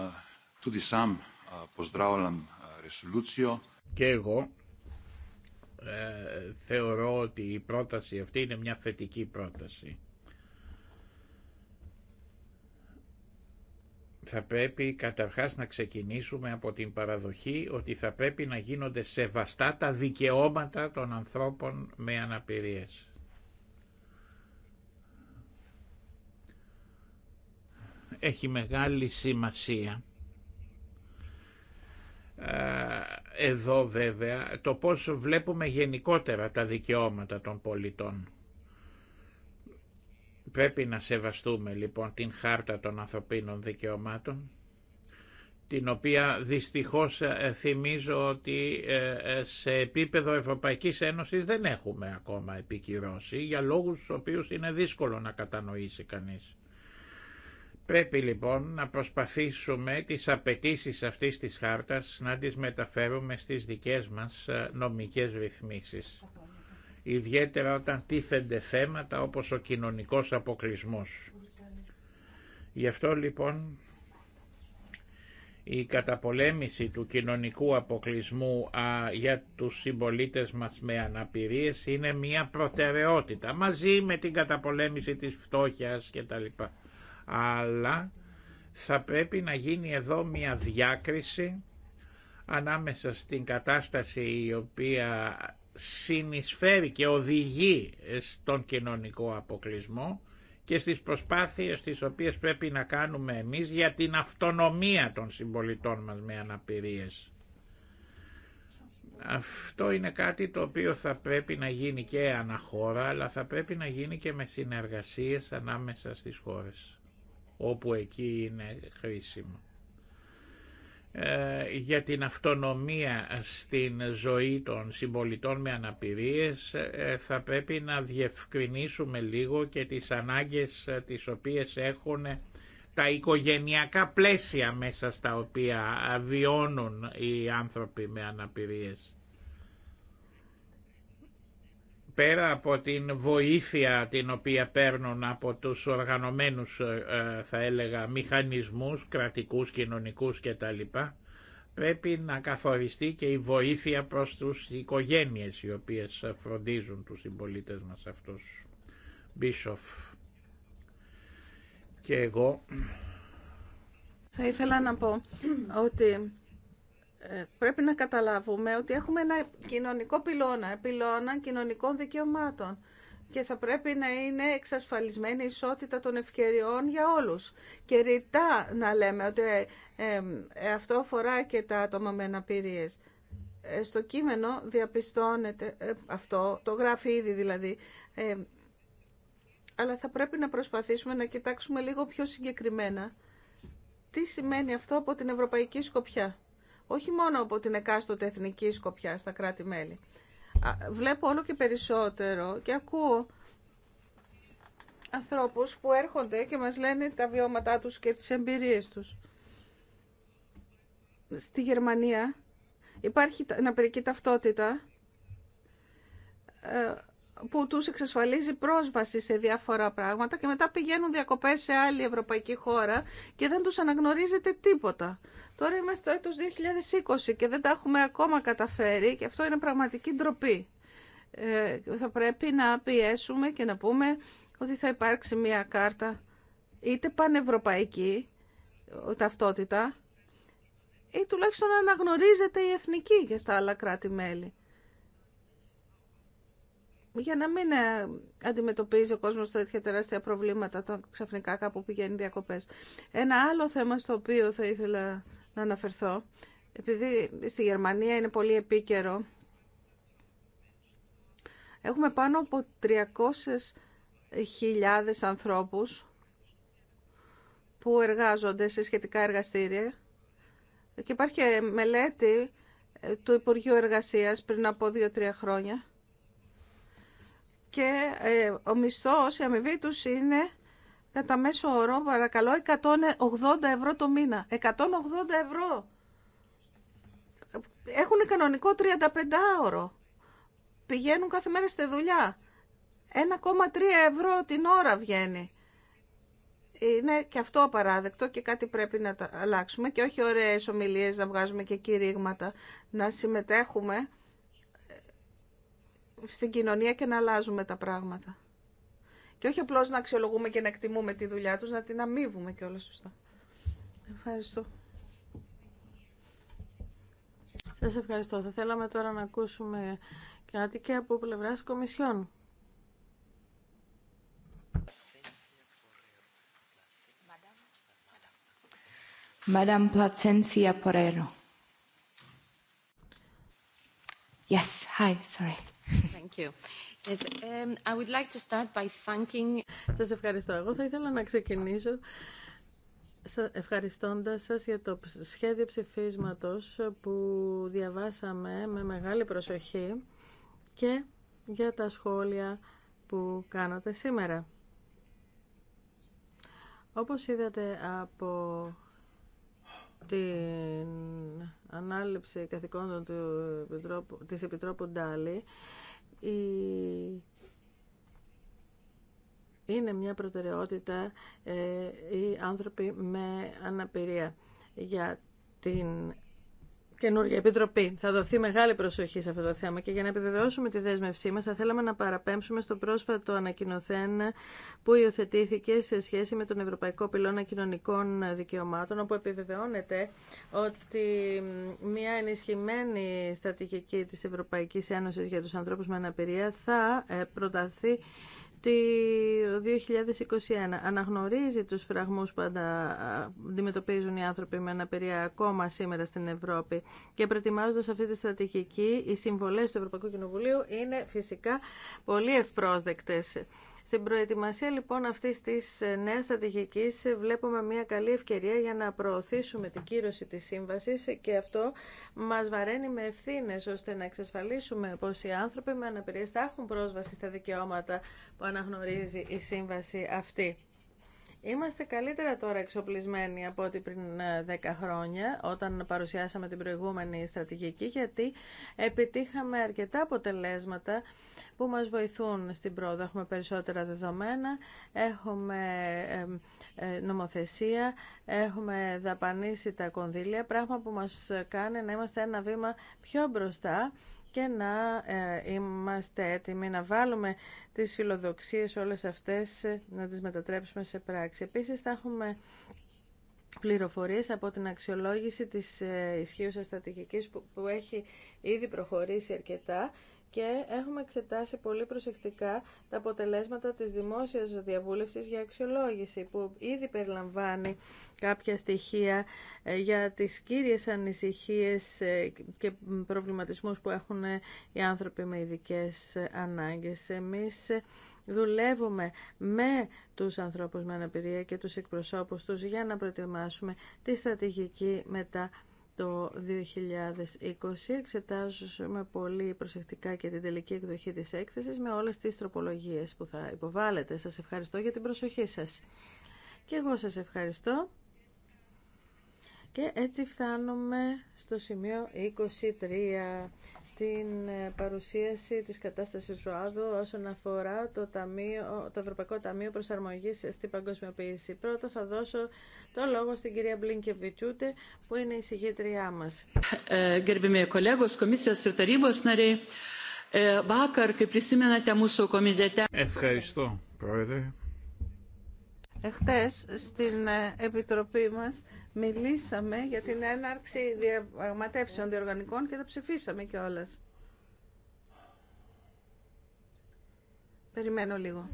tudi sam eh, pozdravljam resolucijo. Και εγώ θεωρώ ότι η πρόταση αυτή είναι μια θετική πρόταση. Θα πρέπει καταρχάς να ξεκινήσουμε από την παραδοχή ότι θα πρέπει να γίνονται σεβαστά τα δικαιώματα των ανθρώπων με αναπηρίες. έχει μεγάλη σημασία ε, εδώ βέβαια το πώς βλέπουμε γενικότερα τα δικαιώματα των πολιτών. Πρέπει να σεβαστούμε λοιπόν την χάρτα των ανθρωπίνων δικαιωμάτων, την οποία δυστυχώς ε, θυμίζω ότι ε, σε επίπεδο Ευρωπαϊκής Ένωσης δεν έχουμε ακόμα επικυρώσει, για λόγους στους οποίους είναι δύσκολο να κατανοήσει κανείς. Πρέπει λοιπόν να προσπαθήσουμε τις απαιτήσεις αυτής της χάρτας να τις μεταφέρουμε στις δικές μας ε, νομικές ρυθμίσεις. Ιδιαίτερα όταν τίθενται θέματα όπως ο κοινωνικός αποκλεισμός. Γι' αυτό λοιπόν η καταπολέμηση του κοινωνικού αποκλεισμού για τους συμπολίτε μας με αναπηρίες είναι μια προτεραιότητα μαζί με την καταπολέμηση της φτώχειας κτλ αλλά θα πρέπει να γίνει εδώ μια διάκριση ανάμεσα στην κατάσταση η οποία συνεισφέρει και οδηγεί στον κοινωνικό αποκλεισμό και στις προσπάθειες τις οποίες πρέπει να κάνουμε εμείς για την αυτονομία των συμπολιτών μας με αναπηρίες. Αυτό είναι κάτι το οποίο θα πρέπει να γίνει και αναχώρα, αλλά θα πρέπει να γίνει και με συνεργασίες ανάμεσα στις χώρες όπου εκεί είναι χρήσιμο. Ε, για την αυτονομία στην ζωή των συμπολιτών με αναπηρίες ε, θα πρέπει να διευκρινίσουμε λίγο και τις ανάγκες ε, τις οποίες έχουν τα οικογενειακά πλαίσια μέσα στα οποία βιώνουν οι άνθρωποι με αναπηρίες πέρα από την βοήθεια την οποία παίρνουν από τους οργανωμένους ε, ε, θα έλεγα μηχανισμούς, κρατικούς, κοινωνικούς κτλ πρέπει να καθοριστεί και η βοήθεια προς τους οικογένειες οι οποίες φροντίζουν τους συμπολίτε μας αυτούς. Μπίσοφ και εγώ. Θα ήθελα να πω ότι ε, πρέπει να καταλάβουμε ότι έχουμε ένα κοινωνικό πυλώνα, πυλώνα κοινωνικών δικαιωμάτων και θα πρέπει να είναι εξασφαλισμένη η ισότητα των ευκαιριών για όλους. Και ρητά να λέμε ότι ε, ε, αυτό αφορά και τα άτομα με αναπηρίες. στο κείμενο διαπιστώνεται αυτό, το γράφει ήδη δηλαδή, αλλά θα πρέπει να προσπαθήσουμε να κοιτάξουμε λίγο πιο συγκεκριμένα τι σημαίνει αυτό από την ευρωπαϊκή σκοπιά όχι μόνο από την εκάστοτε εθνική σκοπιά στα κράτη-μέλη. Βλέπω όλο και περισσότερο και ακούω ανθρώπους που έρχονται και μας λένε τα βιώματά τους και τις εμπειρίες τους. Στη Γερμανία υπάρχει να ταυτότητα ε, που τους εξασφαλίζει πρόσβαση σε διάφορα πράγματα και μετά πηγαίνουν διακοπές σε άλλη ευρωπαϊκή χώρα και δεν τους αναγνωρίζεται τίποτα. Τώρα είμαστε στο έτος 2020 και δεν τα έχουμε ακόμα καταφέρει και αυτό είναι πραγματική ντροπή. Ε, θα πρέπει να πιέσουμε και να πούμε ότι θα υπάρξει μια κάρτα είτε πανευρωπαϊκή ταυτότητα ή τουλάχιστον αναγνωρίζεται η εθνική και στα άλλα κράτη-μέλη. Για να μην ε, αντιμετωπίζει ο κόσμος τέτοια τεράστια προβλήματα όταν ξαφνικά κάπου πηγαίνει διακοπές. Ένα άλλο θέμα στο οποίο θα ήθελα να αναφερθώ, επειδή στη Γερμανία είναι πολύ επίκαιρο. Έχουμε πάνω από 300.000 ανθρώπους που εργάζονται σε σχετικά εργαστήρια και υπάρχει μελέτη του Υπουργείου Εργασίας πριν από 2-3 χρόνια και ε, ο μισθός, η αμοιβή τους είναι κατά μέσο όρο, παρακαλώ, 180 ευρώ το μήνα. 180 ευρώ. Έχουν κανονικό 35 ώρο. Πηγαίνουν κάθε μέρα στη δουλειά. 1,3 ευρώ την ώρα βγαίνει. Είναι και αυτό απαράδεκτο και κάτι πρέπει να τα αλλάξουμε και όχι ωραίες ομιλίες να βγάζουμε και κηρύγματα, να συμμετέχουμε στην κοινωνία και να αλλάζουμε τα πράγματα. Και όχι απλώ να αξιολογούμε και να εκτιμούμε τη δουλειά τους, να την αμείβουμε και όλα σωστά. Ευχαριστώ. Σας ευχαριστώ. Θα θέλαμε τώρα να ακούσουμε κάτι και από πλευρά Κομισιόν. Madame Placencia Porero. Yes, hi, sorry. Thank you. Um, σας ευχαριστώ. Εγώ θα ήθελα να ξεκινήσω ευχαριστώντας σας για το σχέδιο ψηφίσματος που διαβάσαμε με μεγάλη προσοχή και για τα σχόλια που κάνατε σήμερα. Όπως είδατε από την ανάληψη καθηκόντων του Επιτρόπου, της Επιτρόπου Ντάλη, είναι μια προτεραιότητα ε, οι άνθρωποι με αναπηρία για την καινούργια επιτροπή. Θα δοθεί μεγάλη προσοχή σε αυτό το θέμα και για να επιβεβαιώσουμε τη δέσμευσή μας θα θέλαμε να παραπέμψουμε στο πρόσφατο ανακοινωθέν που υιοθετήθηκε σε σχέση με τον Ευρωπαϊκό Πυλώνα Κοινωνικών Δικαιωμάτων όπου επιβεβαιώνεται ότι μια ενισχυμένη στρατηγική της Ευρωπαϊκής Ένωσης για του ανθρώπου με αναπηρία θα ε, προταθεί ότι το 2021 αναγνωρίζει τους φραγμούς που αντιμετωπίζουν οι άνθρωποι με αναπηρία ακόμα σήμερα στην Ευρώπη και προετοιμάζοντας αυτή τη στρατηγική, οι συμβολές του Ευρωπαϊκού Κοινοβουλίου είναι φυσικά πολύ ευπρόσδεκτες. Στην προετοιμασία λοιπόν αυτή τη ε, νέα στρατηγική ε, βλέπουμε μια καλή ευκαιρία για να προωθήσουμε την κύρωση τη σύμβαση και αυτό μα βαραίνει με ευθύνε ώστε να εξασφαλίσουμε πω οι άνθρωποι με αναπηρία θα έχουν πρόσβαση στα δικαιώματα που αναγνωρίζει η σύμβαση αυτή. Είμαστε καλύτερα τώρα εξοπλισμένοι από ό,τι πριν 10 ε, χρόνια όταν παρουσιάσαμε την προηγούμενη στρατηγική γιατί επιτύχαμε αρκετά αποτελέσματα που μας βοηθούν στην πρόοδο. Έχουμε περισσότερα δεδομένα, έχουμε ε, νομοθεσία, έχουμε δαπανίσει τα κονδύλια, πράγμα που μας κάνει να είμαστε ένα βήμα πιο μπροστά και να ε, είμαστε έτοιμοι να βάλουμε τις φιλοδοξίες όλες αυτές, ε, να τις μετατρέψουμε σε πράξη. Επίσης θα έχουμε πληροφορίες από την αξιολόγηση της ε, ισχύουσας στρατηγικής που έχει ήδη προχωρήσει αρκετά και έχουμε εξετάσει πολύ προσεκτικά τα αποτελέσματα της δημόσιας διαβούλευσης για αξιολόγηση που ήδη περιλαμβάνει κάποια στοιχεία ε, για τις κύριες ανησυχίες ε, και προβληματισμούς που έχουν ε, οι άνθρωποι με ειδικέ ανάγκες. Εμείς δουλεύουμε με τους ανθρώπους με αναπηρία και τους εκπροσώπους τους για να προετοιμάσουμε τη στρατηγική μετά το 2020. Εξετάζουμε πολύ προσεκτικά και την τελική εκδοχή της έκθεσης με όλες τις τροπολογίες που θα υποβάλλετε. Σας ευχαριστώ για την προσοχή σας. Και εγώ σας ευχαριστώ. Και έτσι φτάνουμε στο σημείο 23 την ε, παρουσίαση της κατάστασης ΡΟΑΔΟ όσον αφορά το, ταμείο, το Ευρωπαϊκό Ταμείο Προσαρμογής στην Παγκοσμιοποίηση. Πρώτα θα δώσω το λόγο στην κυρία Μπλίνκεβιτσούτε που είναι η συγγήτριά μας. Ε, ε, Ευχαριστώ, Πρόεδρε. Εχθές στην ε, Επιτροπή μας μιλήσαμε για την έναρξη διαπραγματεύσεων διοργανικών και τα ψηφίσαμε κιόλα. Περιμένω λίγο.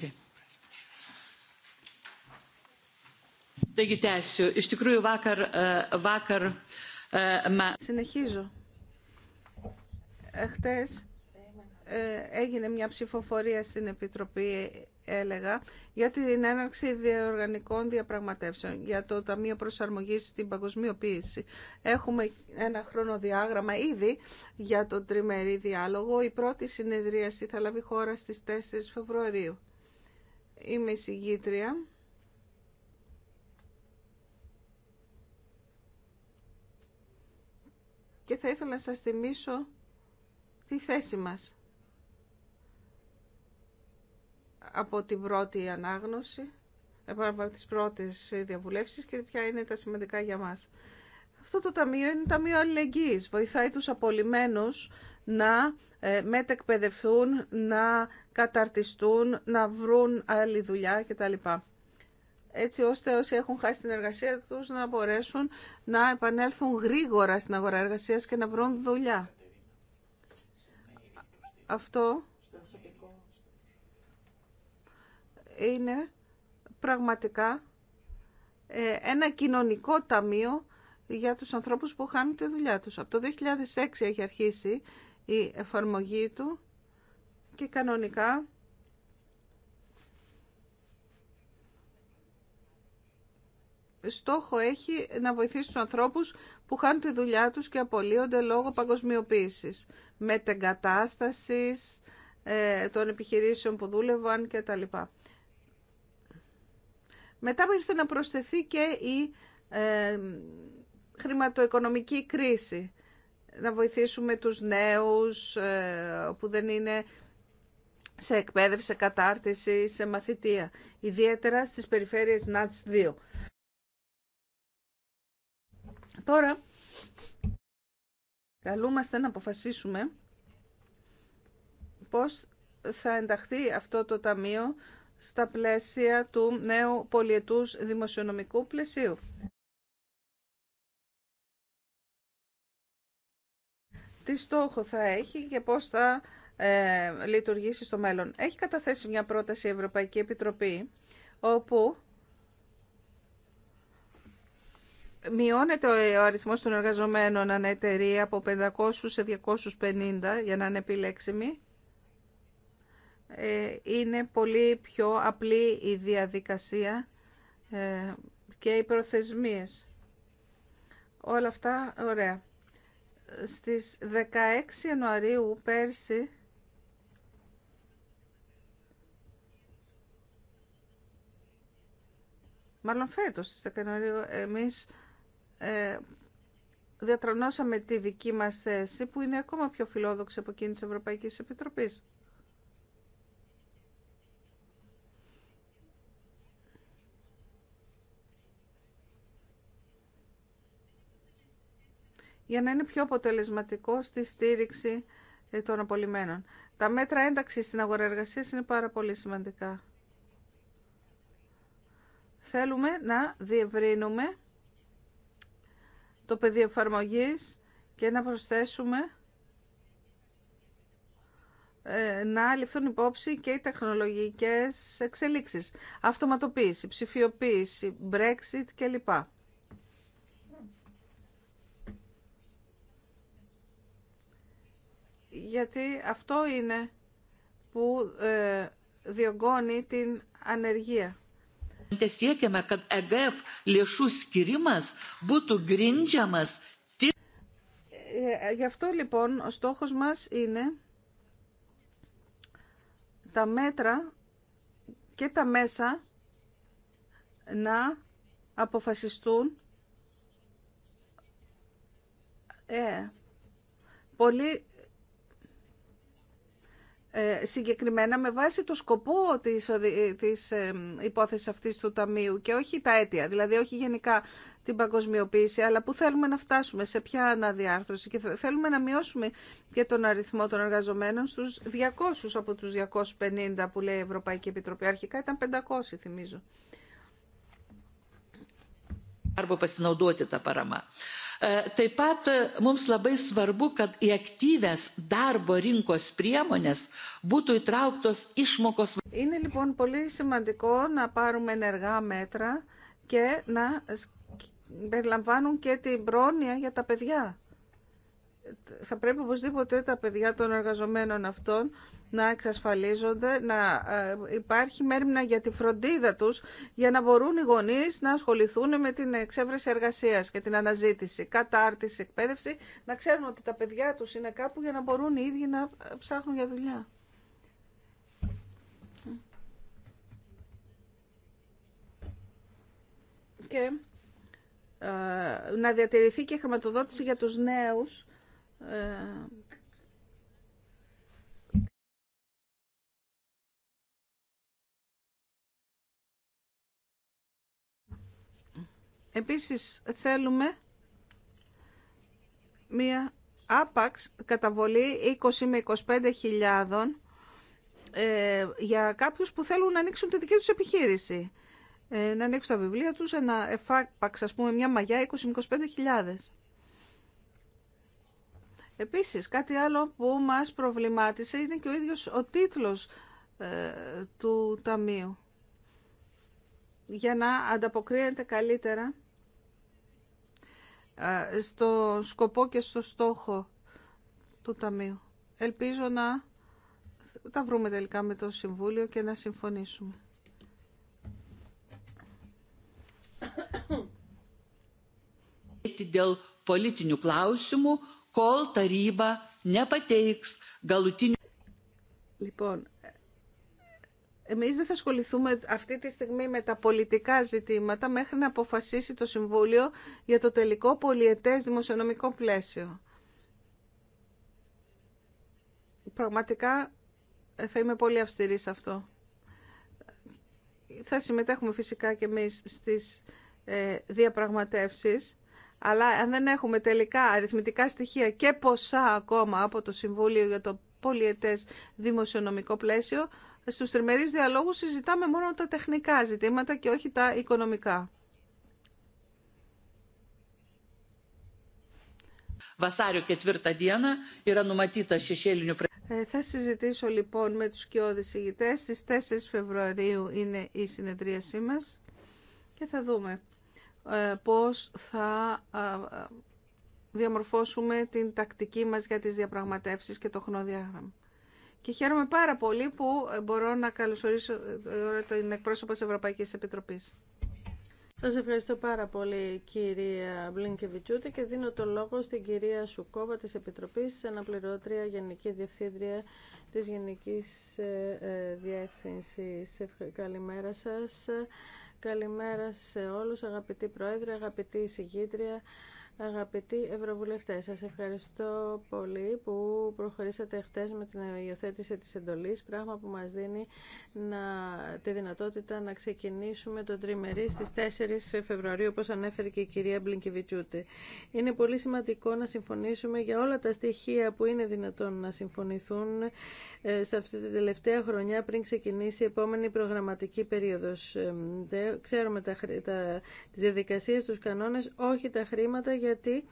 E, e, Συνεχίζω. Χτες ε, έγινε μια ψηφοφορία στην Επιτροπή, έλεγα, για την έναρξη διοργανικών διαπραγματεύσεων για το Ταμείο Προσαρμογής στην Παγκοσμιοποίηση. Έχουμε ένα χρονοδιάγραμμα ήδη για τον τριμερή διάλογο. Η πρώτη συνεδρίαση θα λάβει χώρα στις 4 Φεβρουαρίου. Είμαι η Και θα ήθελα να σας θυμίσω τη θέση μας από την πρώτη ανάγνωση, από τις πρώτες διαβουλεύσεις και ποια είναι τα σημαντικά για μας. Αυτό το ταμείο είναι ταμείο αλληλεγγύης. Βοηθάει τους απολυμένους να ε, μετεκπαιδευτούν, να καταρτιστούν, να βρουν άλλη δουλειά κτλ. Έτσι ώστε όσοι έχουν χάσει την εργασία τους να μπορέσουν να επανέλθουν γρήγορα στην αγορά εργασίας και να βρουν δουλειά αυτό είναι πραγματικά ε, ένα κοινωνικό ταμείο για τους ανθρώπους που χάνουν τη δουλειά τους. Από το 2006 έχει αρχίσει η εφαρμογή του και κανονικά στόχο έχει να βοηθήσει τους ανθρώπους που χάνουν τη δουλειά τους και απολύονται λόγω παγκοσμιοποίησης μετεγκατάστασης ε, των επιχειρήσεων που δούλευαν κτλ. Μετά ήρθε να προσθεθεί και η ε, χρηματοοικονομική κρίση. Να βοηθήσουμε τους νέους ε, που δεν είναι σε εκπαίδευση, σε κατάρτιση, σε μαθητεία. Ιδιαίτερα στις περιφέρειες ΝΑΤΣ 2. Τώρα καλούμαστε να αποφασίσουμε πώς θα ενταχθεί αυτό το ταμείο στα πλαίσια του νέου πολιετούς δημοσιονομικού πλαισίου. Τι στόχο θα έχει και πώς θα ε, λειτουργήσει στο μέλλον. Έχει καταθέσει μια πρόταση η Ευρωπαϊκή Επιτροπή, όπου Μειώνεται ο αριθμός των εργαζομένων ανά εταιρεία από 500 σε 250 για να είναι επιλέξιμη. Ε, είναι πολύ πιο απλή η διαδικασία ε, και οι προθεσμίες. Όλα αυτά ωραία. Στις 16 Ιανουαρίου πέρσι μάλλον φέτος στις 16 Ιανουαρίου εμείς ε, διατρονώσαμε τη δική μας θέση που είναι ακόμα πιο φιλόδοξη από εκείνη της Ευρωπαϊκής Επιτροπής. για να είναι πιο αποτελεσματικό στη στήριξη ε, των απολυμμένων. Τα μέτρα ένταξης στην αγορά εργασίας είναι πάρα πολύ σημαντικά. Θέλουμε να διευρύνουμε το πεδίο εφαρμογή και να προσθέσουμε ε, να ληφθούν υπόψη και οι τεχνολογικές εξελίξεις. Αυτοματοποίηση, ψηφιοποίηση, Brexit κλπ. Γιατί αυτό είναι που ε, διωγγώνει την ανεργία. E ε, γι' αυτό λοιπόν ο στόχος μας είναι τα μέτρα και τα μέσα να αποφασιστούν ε, πολύ ε, συγκεκριμένα με βάση το σκοπό της, της ε, υπόθεσης αυτής του Ταμείου και όχι τα αίτια, δηλαδή όχι γενικά την παγκοσμιοποίηση, αλλά πού θέλουμε να φτάσουμε, σε ποια αναδιάρθρωση και θέλουμε να μειώσουμε και τον αριθμό των εργαζομένων στους 200 από τους 250 που λέει η Ευρωπαϊκή Επιτροπή. Αρχικά ήταν 500, θυμίζω. Είναι λοιπόν πολύ σημαντικό να πάρουμε ενεργά μέτρα και να περιλαμβάνουν και την πρόνοια για τα παιδιά. Θα πρέπει οπωσδήποτε τα παιδιά των εργαζομένων αυτών να εξασφαλίζονται, να ε, υπάρχει μέρημνα για τη φροντίδα τους, για να μπορούν οι γονείς να ασχοληθούν με την εξέβρεση εργασίας και την αναζήτηση, κατάρτιση, εκπαίδευση, να ξέρουν ότι τα παιδιά τους είναι κάπου για να μπορούν οι ίδιοι να ε, ψάχνουν για δουλειά. Και ε, να διατηρηθεί και χρηματοδότηση για τους νέους Επίσης θέλουμε μία άπαξ καταβολή 20 με 25 χιλιάδων ε, για κάποιους που θέλουν να ανοίξουν τη δική τους επιχείρηση. Ε, να ανοίξουν τα βιβλία τους, ένα εφάπαξ, ας πούμε, μια μαγιά 20 με 25 χιλιάδες. Επίσης, κάτι άλλο που μας προβλημάτισε είναι και ο ίδιος ο τίτλος ε, του Ταμείου. Για να ανταποκρίνεται καλύτερα στο σκοπό και στο στόχο του Ταμείου. Ελπίζω να τα βρούμε τελικά με το Συμβούλιο και να συμφωνήσουμε. Λοιπόν, εμείς δεν θα ασχοληθούμε αυτή τη στιγμή με τα πολιτικά ζητήματα μέχρι να αποφασίσει το Συμβούλιο για το τελικό πολιετές δημοσιονομικό πλαίσιο. Πραγματικά ε, θα είμαι πολύ αυστηρή σε αυτό. Θα συμμετέχουμε φυσικά και εμείς στις ε, διαπραγματεύσεις, αλλά αν δεν έχουμε τελικά αριθμητικά στοιχεία και ποσά ακόμα από το Συμβούλιο για το πολιετές δημοσιονομικό πλαίσιο, στους τριμερείς διαλόγους συζητάμε μόνο τα τεχνικά ζητήματα και όχι τα οικονομικά. Ε, θα συζητήσω λοιπόν με τους κοιόδης ηγητές. Στις 4 Φεβρουαρίου είναι η συνεδρίασή μας και θα δούμε ε, πώς θα ε, διαμορφώσουμε την τακτική μας για τις διαπραγματεύσεις και το χρονοδιάγραμμα. Και χαίρομαι πάρα πολύ που ε, μπορώ να καλωσορίσω ε, ε, την εκπρόσωπο της Ευρωπαϊκής Επιτροπής. Σας ευχαριστώ πάρα πολύ κυρία Μπλίνκεβιτσούτη και δίνω το λόγο στην κυρία Σουκόβα της Επιτροπής, αναπληρώτρια Γενική Διευθύντρια της Γενικής Διεύθυνσης. Καλημέρα σας. Καλημέρα σε όλους, αγαπητή Πρόεδρε, αγαπητή Συγγήτρια. Αγαπητοί ευρωβουλευτέ, σα ευχαριστώ πολύ που προχωρήσατε χτες με την υιοθέτηση τη εντολή, πράγμα που μα δίνει να, τη δυνατότητα να ξεκινήσουμε το τριμερή στι 4 Φεβρουαρίου, όπω ανέφερε και η κυρία Μπλινκεβιτσούτη. Είναι πολύ σημαντικό να συμφωνήσουμε για όλα τα στοιχεία που είναι δυνατόν να συμφωνηθούν ε, σε αυτή την τελευταία χρονιά πριν ξεκινήσει η επόμενη προγραμματική περίοδος. Ε, ξέρουμε τι διαδικασίε του κανόνε όχι τα χρήματα γιατί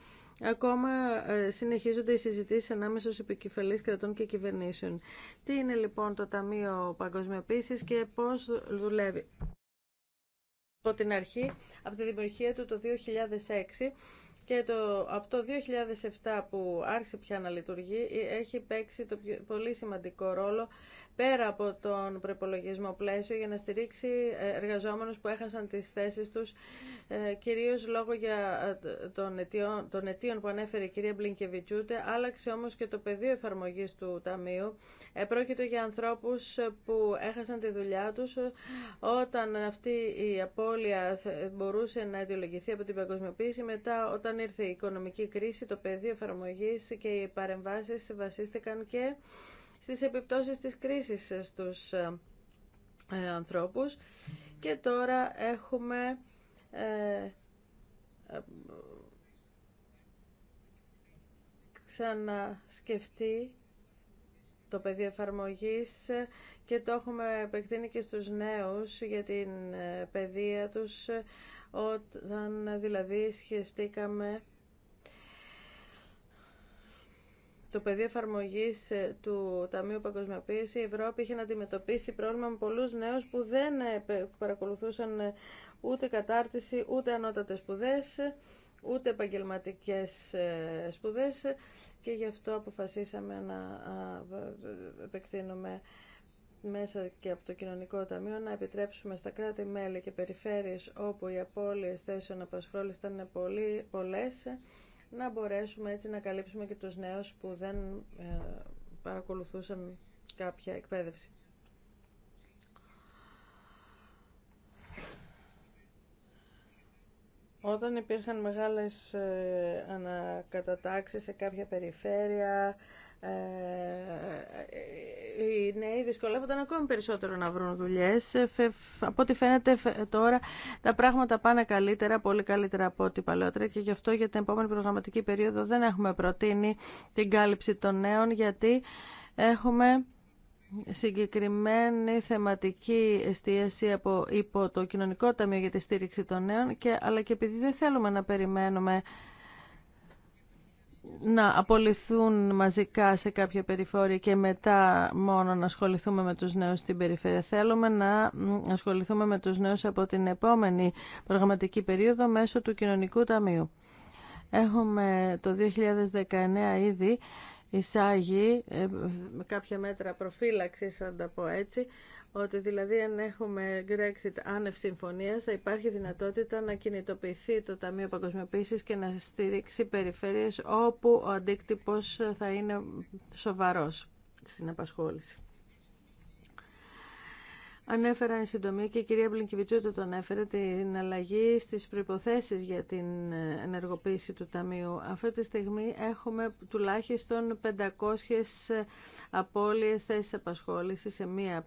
Ακόμα ε, συνεχίζονται οι συζητήσεις ανάμεσα στους επικεφαλείς κρατών και κυβερνήσεων. Τι είναι λοιπόν το Ταμείο Παγκοσμιοποίησης και πώς δουλεύει. Από την αρχή, από τη δημιουργία του το 2006 και το, από το 2007 που άρχισε πια να λειτουργεί, ε, έχει παίξει το πολύ σημαντικό ρόλο πέρα από τον προπολογισμό πλαίσιο για να στηρίξει ε, εργαζόμενους που έχασαν τις θέσεις τους, ε, κυρίως λόγω για ε, των αιτίων, που ανέφερε η κυρία Μπλινκεβιτσούτε, άλλαξε όμως και το πεδίο εφαρμογής του Ταμείου. Πρόκειται για ανθρώπους που έχασαν τη δουλειά τους όταν αυτή η απώλεια μπορούσε να αιτιολογηθεί από την παγκοσμιοποίηση. Μετά όταν ήρθε η οικονομική κρίση, το πεδίο εφαρμογής και οι παρεμβάσεις βασίστηκαν και στις επιπτώσεις της κρίσης στους ε, ε, ανθρώπους. Και τώρα έχουμε ε, ξανασκεφτεί το πεδίο εφαρμογή και το έχουμε επεκτείνει και στους νέους για την παιδεία τους όταν δηλαδή σκεφτήκαμε το πεδίο εφαρμογή ε, του Ταμείου Παγκοσμιοποίηση, η Ευρώπη είχε να αντιμετωπίσει πρόβλημα με πολλού νέου που δεν ε, παρακολουθούσαν ε, ούτε κατάρτιση, ούτε ανώτατε σπουδέ, ούτε επαγγελματικέ σπουδέ και γι' αυτό αποφασίσαμε να επεκτείνουμε μέσα και από το Κοινωνικό Ταμείο να επιτρέψουμε στα κράτη-μέλη και περιφέρειες όπου οι απώλειες θέσεων απασχόλησης ήταν πολύ πολλές να μπορέσουμε έτσι να καλύψουμε και τους νέους που δεν ε, παρακολουθούσαν κάποια εκπαίδευση. Όταν υπήρχαν μεγάλες ε, ανακατατάξεις σε κάποια περιφέρεια, οι ε, ε, ε, νέοι δυσκολεύονταν ακόμη περισσότερο να βρουν δουλειές. Από ό,τι φαίνεται τώρα τα πράγματα πάνε καλύτερα, πολύ καλύτερα από ό,τι παλαιότερα και γι' αυτό για την επόμενη προγραμματική περίοδο δεν έχουμε προτείνει την κάλυψη των νέων γιατί έχουμε συγκεκριμένη θεματική εστίαση από, υπό το Κοινωνικό Ταμείο για τη στήριξη των νέων και, αλλά και επειδή δεν θέλουμε να περιμένουμε να απολυθούν μαζικά σε κάποια περιφόρια και μετά μόνο να ασχοληθούμε με τους νέους στην περιφέρεια. Θέλουμε να ασχοληθούμε με τους νέους από την επόμενη προγραμματική περίοδο μέσω του Κοινωνικού Ταμείου. Έχουμε το 2019 ήδη εισάγει ε, κάποια μέτρα προφύλαξης, αν τα πω έτσι, ότι δηλαδή αν έχουμε Brexit άνευ συμφωνία, θα υπάρχει δυνατότητα να κινητοποιηθεί το Ταμείο Παγκοσμιοποίηση και να στηρίξει περιφέρειες όπου ο αντίκτυπος θα είναι σοβαρός στην απασχόληση. Ανέφεραν εν συντομία και η κυρία Μπλινκιβιτσούτα το ανέφερε την αλλαγή στις προϋποθέσεις για την ενεργοποίηση του Ταμείου. Αυτή τη στιγμή έχουμε τουλάχιστον 500 απώλειες θέσεις απασχόληση σε μία,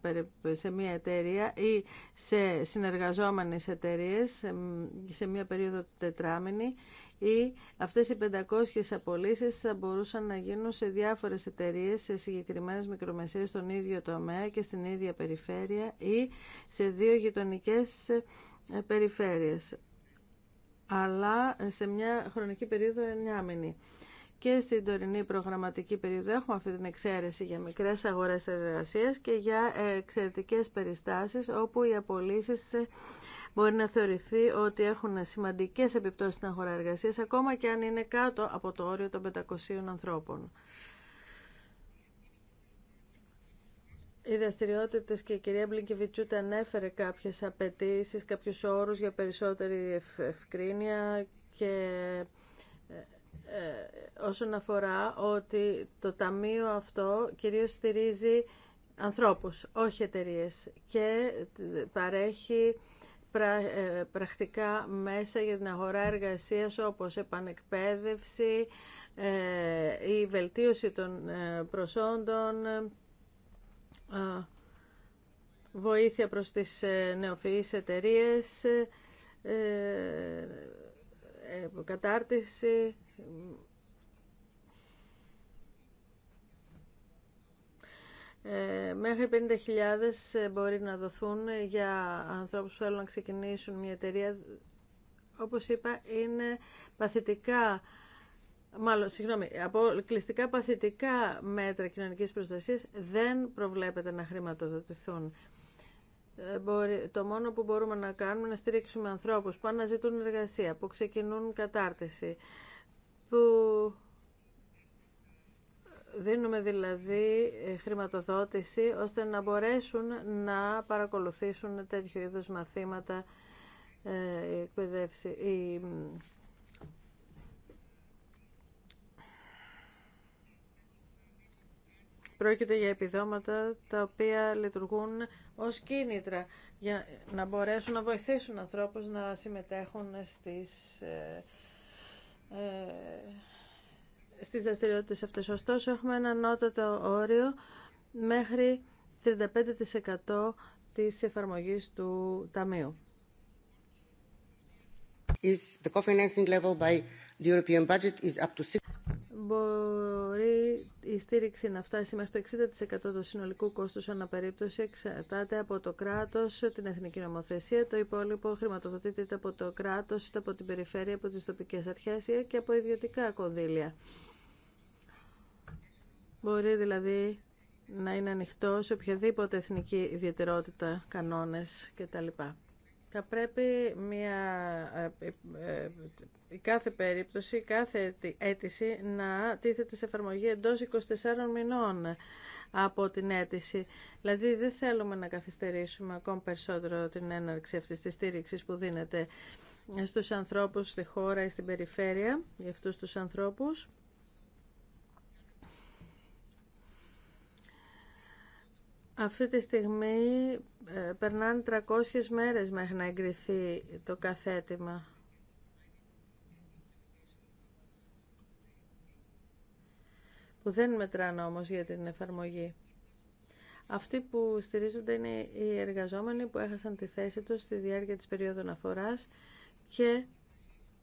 σε μία εταιρεία ή σε συνεργαζόμενες εταιρείε σε μία περίοδο τετράμινη ή αυτές οι 500 απολύσεις θα μπορούσαν να γίνουν σε διάφορες εταιρείες, σε συγκεκριμένες μικρομεσαίες στον ίδιο τομέα και στην ίδια περιφέρεια ή σε δύο γειτονικές ε, περιφέρειες αλλά ε, σε μια χρονική περίοδο εννιάμινη. Και στην τωρινή προγραμματική περίοδο έχουμε αυτή την εξαίρεση για μικρές αγορές εργασίας και για ε, εξαιρετικές περιστάσεις όπου οι απολύσεις μπορεί να θεωρηθεί ότι έχουν σημαντικές επιπτώσεις στην αγορά εργασίας, ακόμα και αν είναι κάτω από το όριο των 500 ανθρώπων. Οι δραστηριότητε και η κυρία Μπλίνκεβιτσούτα ανέφερε κάποιε απαιτήσει, κάποιου όρου για περισσότερη ευκρίνεια και ε, ε, όσον αφορά ότι το ταμείο αυτό κυρίως στηρίζει ανθρώπους, όχι εταιρείε και παρέχει ε, πρακτικά μέσα για την αγορά εργασίας όπως επανεκπαίδευση, ε, η βελτίωση των ε, προσόντων, βοήθεια προς τις νεοφυείς εταιρείες, κατάρτιση Ε, μέχρι 50.000 ε, μπορεί να δοθούν για ανθρώπους που θέλουν να ξεκινήσουν μια εταιρεία. Όπως είπα, είναι παθητικά μάλλον, συγγνώμη, παθητικά μέτρα κοινωνικής προστασίας δεν προβλέπεται να χρηματοδοτηθούν. Ε, το μόνο που μπορούμε να κάνουμε είναι να στηρίξουμε ανθρώπους που αναζητούν εργασία, που ξεκινούν κατάρτιση, που Δίνουμε δηλαδή ε, χρηματοδότηση ώστε να μπορέσουν να παρακολουθήσουν τέτοιου είδους μαθήματα ε, Πρόκειται για επιδόματα τα οποία λειτουργούν ως κίνητρα για να μπορέσουν να βοηθήσουν ανθρώπους να συμμετέχουν στις ε, στις δραστηριότητες αυτές. Ωστόσο, έχουμε ένα ανώτατο όριο μέχρι 35% της εφαρμογής του Ταμείου μπορεί η στήριξη να φτάσει μέχρι το 60% του συνολικού κόστους ανά περίπτωση εξαρτάται από το κράτος, την εθνική νομοθεσία, το υπόλοιπο χρηματοδοτείται από το κράτος, από την περιφέρεια, από τις τοπικές αρχές και από ιδιωτικά κονδύλια. Μπορεί δηλαδή να είναι ανοιχτό σε οποιαδήποτε εθνική ιδιαιτερότητα, κανόνες κτλ. Θα πρέπει μια, ε, ε, ε, κάθε περίπτωση, κάθε αίτηση να τίθεται σε εφαρμογή εντός 24 μηνών από την αίτηση. Δηλαδή δεν θέλουμε να καθυστερήσουμε ακόμη περισσότερο την έναρξη αυτής της στήριξης που δίνεται στους ανθρώπους στη χώρα ή στην περιφέρεια, για αυτούς τους ανθρώπους. Αυτή τη στιγμή ε, περνάνε 300 μέρες μέχρι να εγκριθεί το καθέτημα. Που δεν μετράνε όμως για την εφαρμογή. Αυτοί που στηρίζονται είναι οι εργαζόμενοι που έχασαν τη θέση τους στη διάρκεια της περίοδου αναφοράς και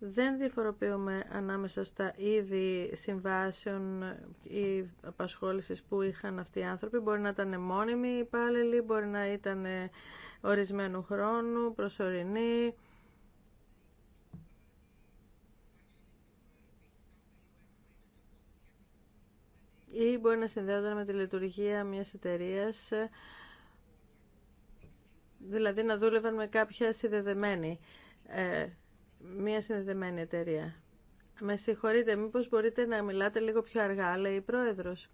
δεν διαφοροποιούμε ανάμεσα στα είδη συμβάσεων ή απασχόλησης που είχαν αυτοί οι άνθρωποι. Μπορεί να ήταν μόνιμοι υπάλληλοι, μπορεί να ήταν ορισμένου χρόνου, προσωρινή Ή μπορεί να συνδέονταν με τη λειτουργία μιας εταιρείας, δηλαδή να δούλευαν με κάποια συνδεδεμένη ε, μια συνδεδεμένη εταιρεία. Με συγχωρείτε, μήπως μπορείτε να μιλάτε λίγο πιο αργά, λέει η Πρόεδρος.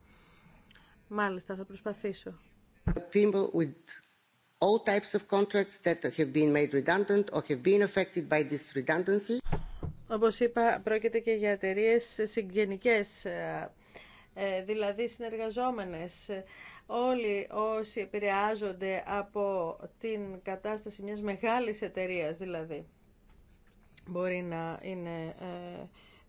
Μάλιστα, θα προσπαθήσω. People Όπως είπα, πρόκειται και για εταιρείε συγγενικές, ε, ε, δηλαδή συνεργαζόμενες. Όλοι όσοι επηρεάζονται από την κατάσταση μιας μεγάλης εταιρείας, δηλαδή μπορεί να είναι ε,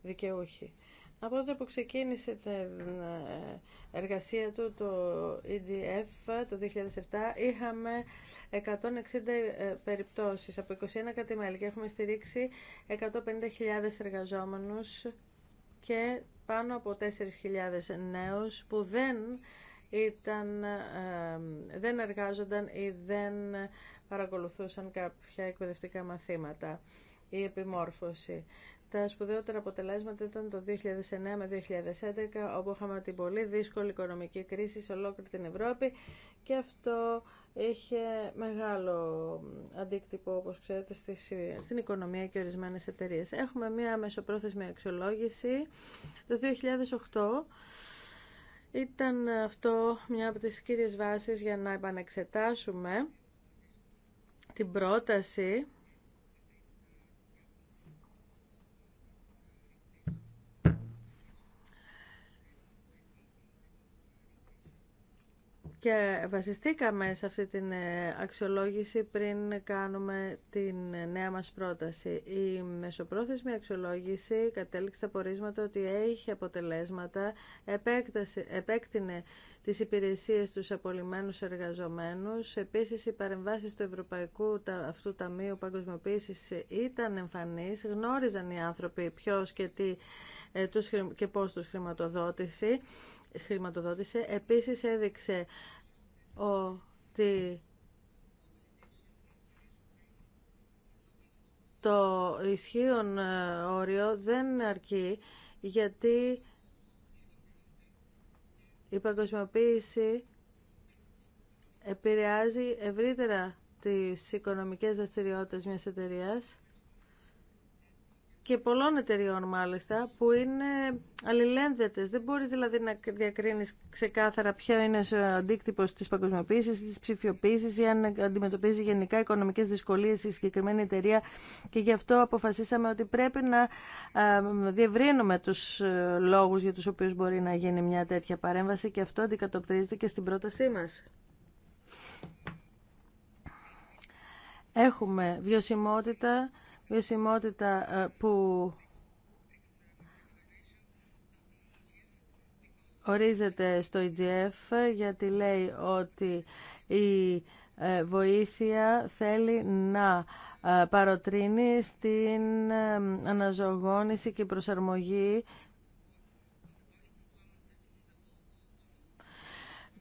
δικαιούχοι. Από τότε που ξεκίνησε την ε, εργασία του το EGF το 2007 είχαμε 160 ε, περιπτώσεις από 21 κατημέλη και έχουμε στηρίξει 150.000 εργαζόμενους και πάνω από 4.000 νέους που δεν, ήταν, δεν εργάζονταν ή δεν παρακολουθούσαν κάποια εκπαιδευτικά μαθήματα η επιμόρφωση. Τα σπουδαιότερα αποτελέσματα ήταν το 2009 με 2011, όπου είχαμε την πολύ δύσκολη οικονομική κρίση σε ολόκληρη την Ευρώπη και αυτό είχε μεγάλο αντίκτυπο, όπως ξέρετε, στην οικονομία και ορισμένες εταιρείες. Έχουμε μία μεσοπρόθεσμη αξιολόγηση το 2008. Ήταν αυτό μια από τις κύριες βάσεις για να επανεξετάσουμε την πρόταση και βασιστήκαμε σε αυτή την ε, αξιολόγηση πριν κάνουμε την ε, νέα μας πρόταση. Η μεσοπρόθεσμη αξιολόγηση κατέληξε τα πορίσματα ότι έχει αποτελέσματα, επέκτηνε τις υπηρεσίες τους απολυμμένους εργαζομένους. Επίσης, οι παρεμβάσεις του Ευρωπαϊκού αυτού Ταμείου Παγκοσμιοποίησης ήταν εμφανείς, γνώριζαν οι άνθρωποι ποιος και, τι, ε, τους, και πώς τους χρηματοδότησε. Επίσης έδειξε ότι το ισχύον ε, όριο δεν αρκεί γιατί η παγκοσμιοποίηση επηρεάζει ευρύτερα τις οικονομικές δραστηριότητες μιας εταιρείας και πολλών εταιριών μάλιστα που είναι αλληλένδετες. Δεν μπορείς δηλαδή να διακρίνεις ξεκάθαρα ποιο είναι ο αντίκτυπο της παγκοσμιοποίησης, της ψηφιοποίησης ή αν αντιμετωπίζει γενικά οικονομικές δυσκολίες η συγκεκριμένη εταιρεία και γι' αυτό αποφασίσαμε ότι πρέπει να διευρύνουμε τους ε, λόγους για τους οποίους μπορεί να γίνει μια τέτοια παρέμβαση και αυτό αντικατοπτρίζεται και στην πρότασή μας. Έχουμε βιωσιμότητα, βιωσιμότητα ε, που ορίζεται στο EGF γιατί λέει ότι η ε, βοήθεια θέλει να ε, παροτρύνει στην αναζωογόνηση και προσαρμογή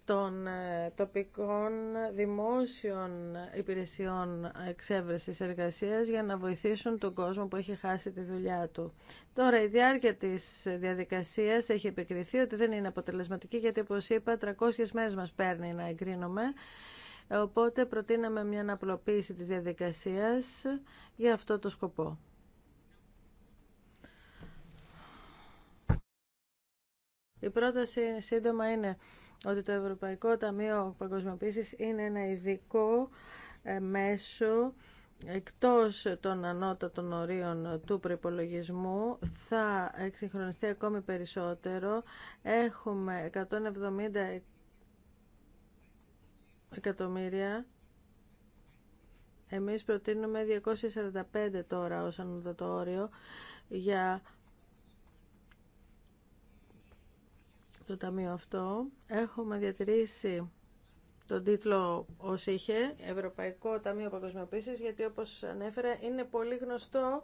των ε, τοπικών δημόσιων υπηρεσιών εξέβρεσης εργασίας για να βοηθήσουν τον κόσμο που έχει χάσει τη δουλειά του. Τώρα η διάρκεια της διαδικασίας έχει επικριθεί ότι δεν είναι αποτελεσματική γιατί όπως είπα 300 μέρες μας παίρνει να εγκρίνουμε οπότε προτείναμε μια αναπλοποίηση της διαδικασίας για αυτό το σκοπό. Η πρόταση σύντομα είναι ότι το Ευρωπαϊκό Ταμείο Παγκοσμιοποίησης είναι ένα ειδικό ε, μέσο εκτός των ανώτατων ορίων του προϋπολογισμού θα εξυγχρονιστεί ακόμη περισσότερο. Έχουμε 170 εκατομμύρια. Εμείς προτείνουμε 245 τώρα ως ανώτατο όριο για το ταμείο αυτό έχουμε διατηρήσει τον τίτλο ω είχε Ευρωπαϊκό Ταμείο Παγκοσμιοποίηση, γιατί όπως ανέφερα είναι πολύ γνωστό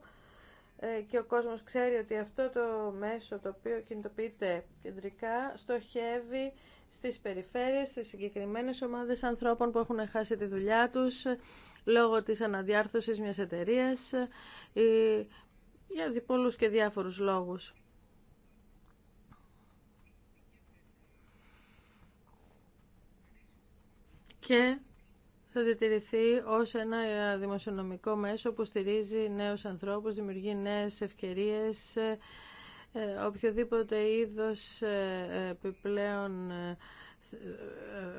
ε, και ο κόσμος ξέρει ότι αυτό το μέσο το οποίο κινητοποιείται κεντρικά στοχεύει στις περιφέρειες, στις συγκεκριμένε ομάδες ανθρώπων που έχουν χάσει τη δουλειά τους λόγω της αναδιάρθρωση μια εταιρεία ε, για πολλούς και διάφορους λόγους. και θα διατηρηθεί ως ένα ε, δημοσιονομικό μέσο που στηρίζει νέους ανθρώπους, δημιουργεί νέες ευκαιρίες, ε, ε, οποιοδήποτε είδος επιπλέον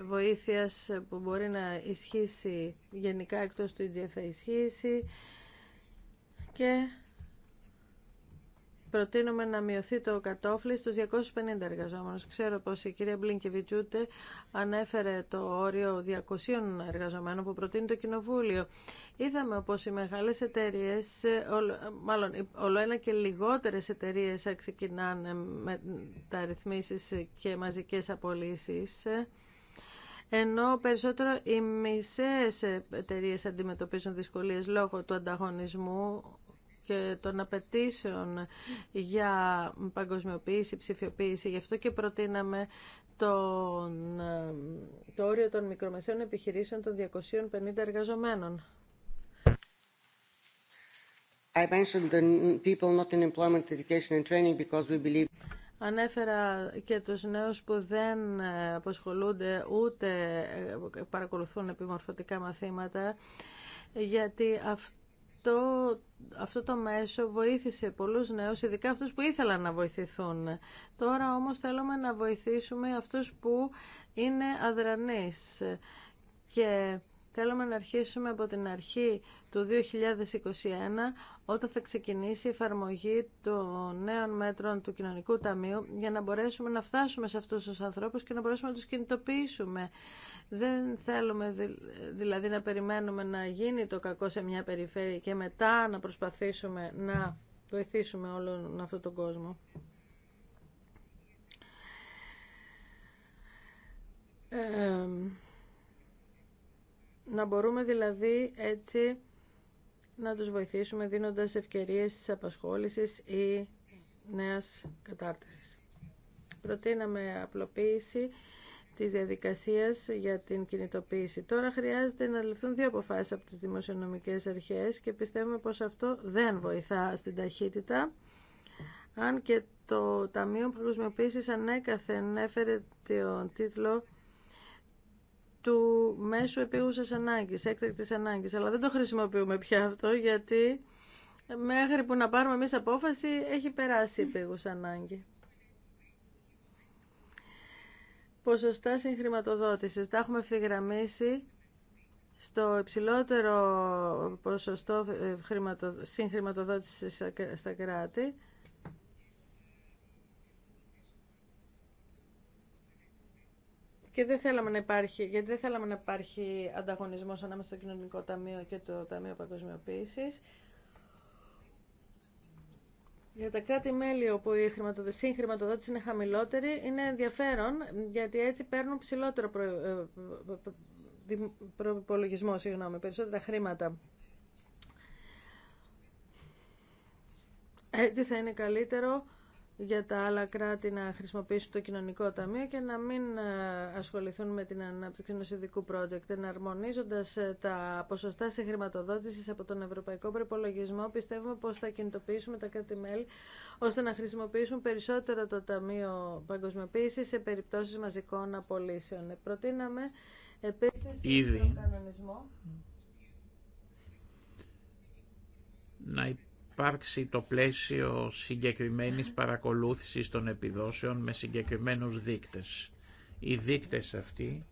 βοήθειας που μπορεί να ισχύσει γενικά εκτός του EGF θα ισχύσει και προτείνουμε να μειωθεί το κατόφλι στους 250 εργαζόμενους. Ξέρω πως η κυρία Μπλίνκεβιτζούτε ανέφερε το όριο 200 εργαζομένων που προτείνει το Κοινοβούλιο. Είδαμε πως οι μεγάλες εταιρείες, μάλλον όλο ένα και λιγότερες εταιρείες ξεκινάνε με τα ρυθμίσεις και μαζικές απολύσεις ενώ περισσότερο οι μισές εταιρείε αντιμετωπίζουν δυσκολίες λόγω του ανταγωνισμού και των απαιτήσεων για παγκοσμιοποίηση, ψηφιοποίηση. Γι' αυτό και προτείναμε τον, ε, το όριο των μικρομεσαίων επιχειρήσεων των 250 εργαζομένων. Ανέφερα και τους νέους που δεν ε, αποσχολούνται ούτε ε, παρακολουθούν επιμορφωτικά μαθήματα, γιατί αυτό αυτό, αυτό το μέσο βοήθησε πολλούς νέους, ειδικά αυτούς που ήθελαν να βοηθηθούν. Τώρα όμως θέλουμε να βοηθήσουμε αυτούς που είναι αδρανείς και Θέλουμε να αρχίσουμε από την αρχή του 2021 όταν θα ξεκινήσει η εφαρμογή των νέων μέτρων του Κοινωνικού Ταμείου για να μπορέσουμε να φτάσουμε σε αυτούς τους ανθρώπους και να μπορέσουμε να τους κινητοποιήσουμε. Δεν θέλουμε δηλαδή να περιμένουμε να γίνει το κακό σε μια περιφέρεια και μετά να προσπαθήσουμε να βοηθήσουμε όλον αυτόν τον κόσμο. Ε, να μπορούμε δηλαδή έτσι να τους βοηθήσουμε δίνοντας ευκαιρίες της απασχόλησης ή νέας κατάρτισης. Προτείναμε απλοποίηση της διαδικασίας για την κινητοποίηση. Τώρα χρειάζεται να ληφθούν δύο αποφάσεις από τις δημοσιονομικές αρχές και πιστεύουμε πως αυτό δεν βοηθά στην ταχύτητα, αν και το Ταμείο Προσμιοποίησης ανέκαθεν έφερε τον τίτλο του μέσου επίγουσας ανάγκης, έκτακτης ανάγκης. Αλλά δεν το χρησιμοποιούμε πια αυτό γιατί μέχρι που να πάρουμε εμείς απόφαση έχει περάσει η επίγουσα ανάγκη. Ποσοστά συγχρηματοδότησης. Τα έχουμε ευθυγραμμίσει στο υψηλότερο ποσοστό συγχρηματοδότησης στα κράτη. και δεν θέλαμε να υπάρχει, γιατί δεν θέλαμε να υπάρχει ανταγωνισμός ανάμεσα στο Κοινωνικό Ταμείο και το Ταμείο Παγκοσμιοποίησης. Για τα κράτη-μέλη όπου η συγχρηματοδότηση είναι χαμηλότερη, είναι ενδιαφέρον γιατί έτσι παίρνουν ψηλότερο προ... Ε, προπολογισμό, συγγνώμη, περισσότερα χρήματα. Έτσι θα είναι καλύτερο για τα άλλα κράτη να χρησιμοποιήσουν το κοινωνικό ταμείο και να μην ε, ασχοληθούν με την ανάπτυξη ενός ειδικού project. Εναρμονίζοντας ε, τα ποσοστά σε χρηματοδότηση από τον Ευρωπαϊκό Προπολογισμό, πιστεύουμε πως θα κινητοποιήσουμε τα κράτη-μέλη ώστε να χρησιμοποιήσουν περισσότερο το Ταμείο παγκοσμιοποίηση σε περιπτώσεις μαζικών απολύσεων. Προτείναμε επίσης τον κανονισμό υπάρξει το πλαίσιο συγκεκριμένης παρακολούθησης των επιδόσεων με συγκεκριμένους δείκτες. Οι δείκτες αυτοί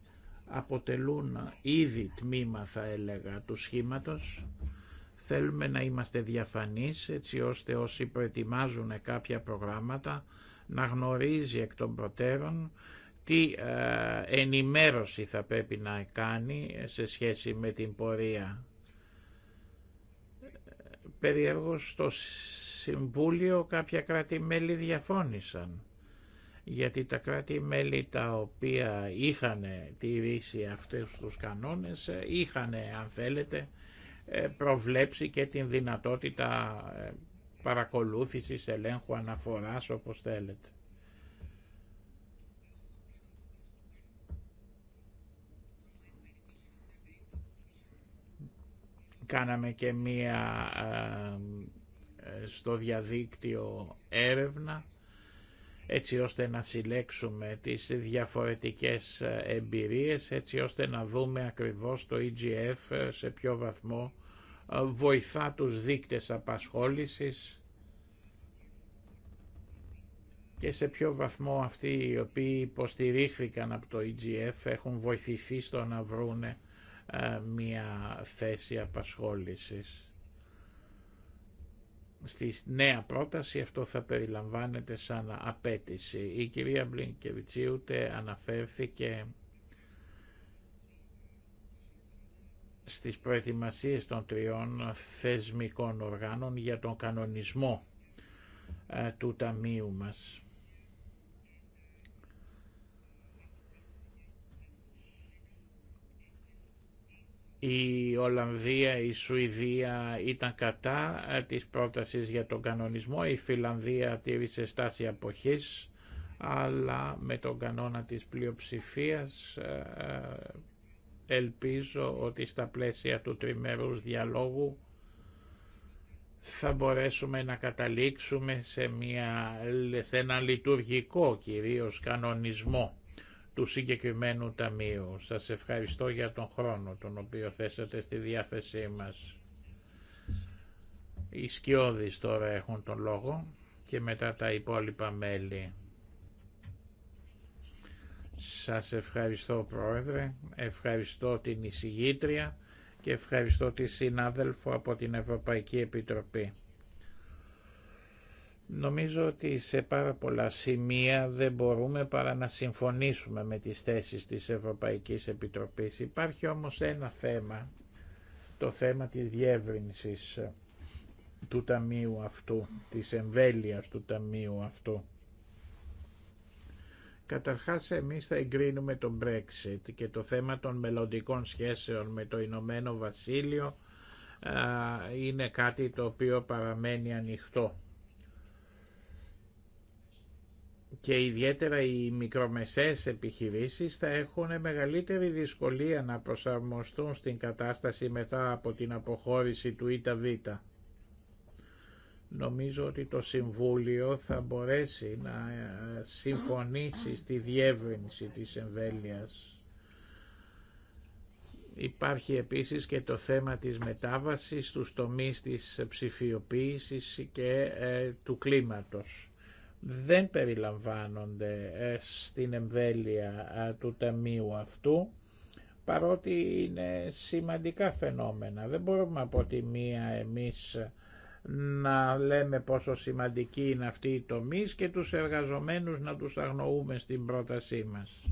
αποτελούν ήδη τμήμα θα έλεγα του σχήματος. Θέλουμε να είμαστε διαφανείς έτσι ώστε όσοι προετοιμάζουν κάποια προγράμματα να γνωρίζει εκ των προτέρων τι ε, ενημέρωση θα πρέπει να κάνει σε σχέση με την πορεία Περιεργώς στο Συμβούλιο κάποια κράτη-μέλη διαφώνησαν γιατί τα κράτη-μέλη τα οποία είχαν τηρήσει αυτές τους κανόνες ε, είχαν αν θέλετε ε, προβλέψει και την δυνατότητα ε, παρακολούθησης ελέγχου αναφοράς όπως θέλετε. Κάναμε και μία ε, ε, στο διαδίκτυο έρευνα έτσι ώστε να συλλέξουμε τις διαφορετικές ε, εμπειρίες, έτσι ώστε να δούμε ακριβώς το EGF σε ποιο βαθμό βοηθά τους δείκτες απασχόλησης και σε ποιο βαθμό αυτοί οι οποίοι υποστηρίχθηκαν από το EGF έχουν βοηθηθεί στο να βρούνε ε, μία θέση απασχόλησης. Στη νέα πρόταση αυτό θα περιλαμβάνεται σαν απέτηση. Η κυρία Μπλίνκεβιτσι αναφέρθηκε στις προετοιμασίες των τριών θεσμικών οργάνων για τον κανονισμό ε, του Ταμείου μας. η Ολλανδία, η Σουηδία ήταν κατά ε, της πρότασης για τον κανονισμό, η Φιλανδία τήρησε στάση αποχής, αλλά με τον κανόνα της πλειοψηφίας ε, ε, ελπίζω ότι στα πλαίσια του τριμερούς διαλόγου θα μπορέσουμε να καταλήξουμε σε, μια, σε ένα λειτουργικό κυρίως κανονισμό του συγκεκριμένου ταμείου. Σας ευχαριστώ για τον χρόνο τον οποίο θέσατε στη διάθεσή μας. Οι σκιώδεις τώρα έχουν τον λόγο και μετά τα υπόλοιπα μέλη. Σας ευχαριστώ Πρόεδρε, ευχαριστώ την εισηγήτρια και ευχαριστώ τη συνάδελφο από την Ευρωπαϊκή Επιτροπή. Νομίζω ότι σε πάρα πολλά σημεία δεν μπορούμε παρά να συμφωνήσουμε με τις θέσεις της Ευρωπαϊκής Επιτροπής. Υπάρχει όμως ένα θέμα, το θέμα της διεύρυνσης του Ταμείου αυτού, της εμβέλειας του Ταμείου αυτού. Καταρχάς εμείς θα εγκρίνουμε τον Brexit και το θέμα των μελλοντικών σχέσεων με το Ηνωμένο Βασίλειο είναι κάτι το οποίο παραμένει ανοιχτό και ιδιαίτερα οι μικρομεσαίες επιχειρήσεις θα έχουν μεγαλύτερη δυσκολία να προσαρμοστούν στην κατάσταση μετά από την αποχώρηση του ΙΤΑΒ. Νομίζω ότι το Συμβούλιο θα μπορέσει να ε, συμφωνήσει στη διεύρυνση της εμβέλειας. Υπάρχει επίσης και το θέμα της μετάβασης στους τομείς της ψηφιοποίησης και ε, του κλίματος δεν περιλαμβάνονται ε, στην εμβέλεια ε, του ταμείου αυτού παρότι είναι σημαντικά φαινόμενα. Δεν μπορούμε από τη μία εμείς να λέμε πόσο σημαντική είναι αυτή η τομή και τους εργαζομένους να τους αγνοούμε στην πρότασή μας.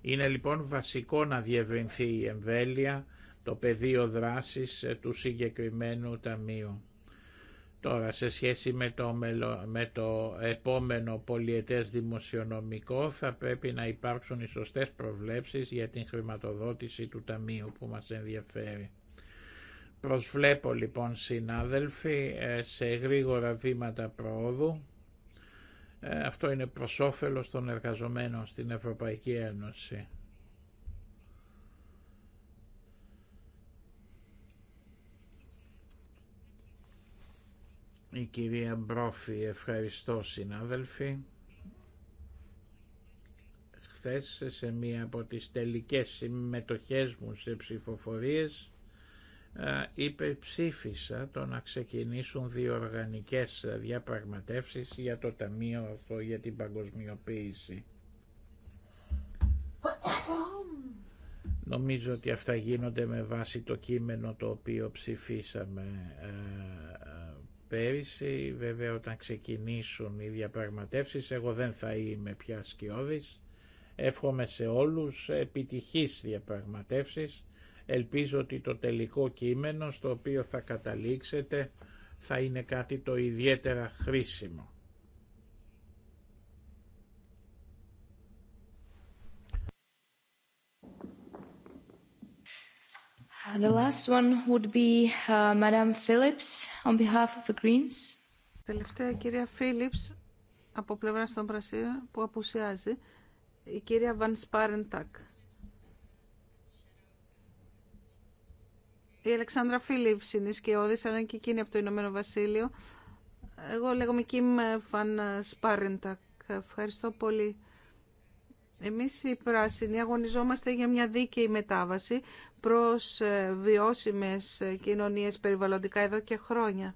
Είναι λοιπόν βασικό να διευρυνθεί η εμβέλεια, το πεδίο δράσης ε, του συγκεκριμένου ταμείου. Τώρα σε σχέση με το, με επόμενο πολιετές δημοσιονομικό θα πρέπει να υπάρξουν οι σωστές προβλέψεις για την χρηματοδότηση του Ταμείου που μας ενδιαφέρει. Προσβλέπω λοιπόν συνάδελφοι ε, σε γρήγορα βήματα προόδου. Ε, αυτό είναι προς όφελος των εργαζομένων στην Ευρωπαϊκή Ένωση. Η κυρία Μπρόφη, ευχαριστώ συνάδελφοι. Χθες σε μία από τις τελικές συμμετοχές μου σε ψηφοφορίες υπεψήφισα το να ξεκινήσουν οργανικές διαπραγματεύσεις για το Ταμείο αυτό για την παγκοσμιοποίηση. Νομίζω ότι αυτά γίνονται με βάση το κείμενο το οποίο ψηφίσαμε πέρυσι. Βέβαια όταν ξεκινήσουν οι διαπραγματεύσεις εγώ δεν θα είμαι πια σκιώδης. Εύχομαι σε όλους επιτυχής διαπραγματεύσεις. Ελπίζω ότι το τελικό κείμενο στο οποίο θα καταλήξετε θα είναι κάτι το ιδιαίτερα χρήσιμο. The Τελευταία κυρία Φίλιπς από πλευρά των Πρασίων που απουσιάζει η κυρία Βαν Σπάρεντακ. Η Αλεξάνδρα Φίλιπς είναι σκιώδης, αλλά και εκείνη από το Ηνωμένο Βασίλειο. Εγώ λέγομαι Κιμ Βαν Σπάρεντακ. Ευχαριστώ πολύ. Εμείς οι πράσινοι αγωνιζόμαστε για μια δίκαιη μετάβαση προς ε, βιώσιμες ε, κοινωνίες περιβαλλοντικά εδώ και χρόνια.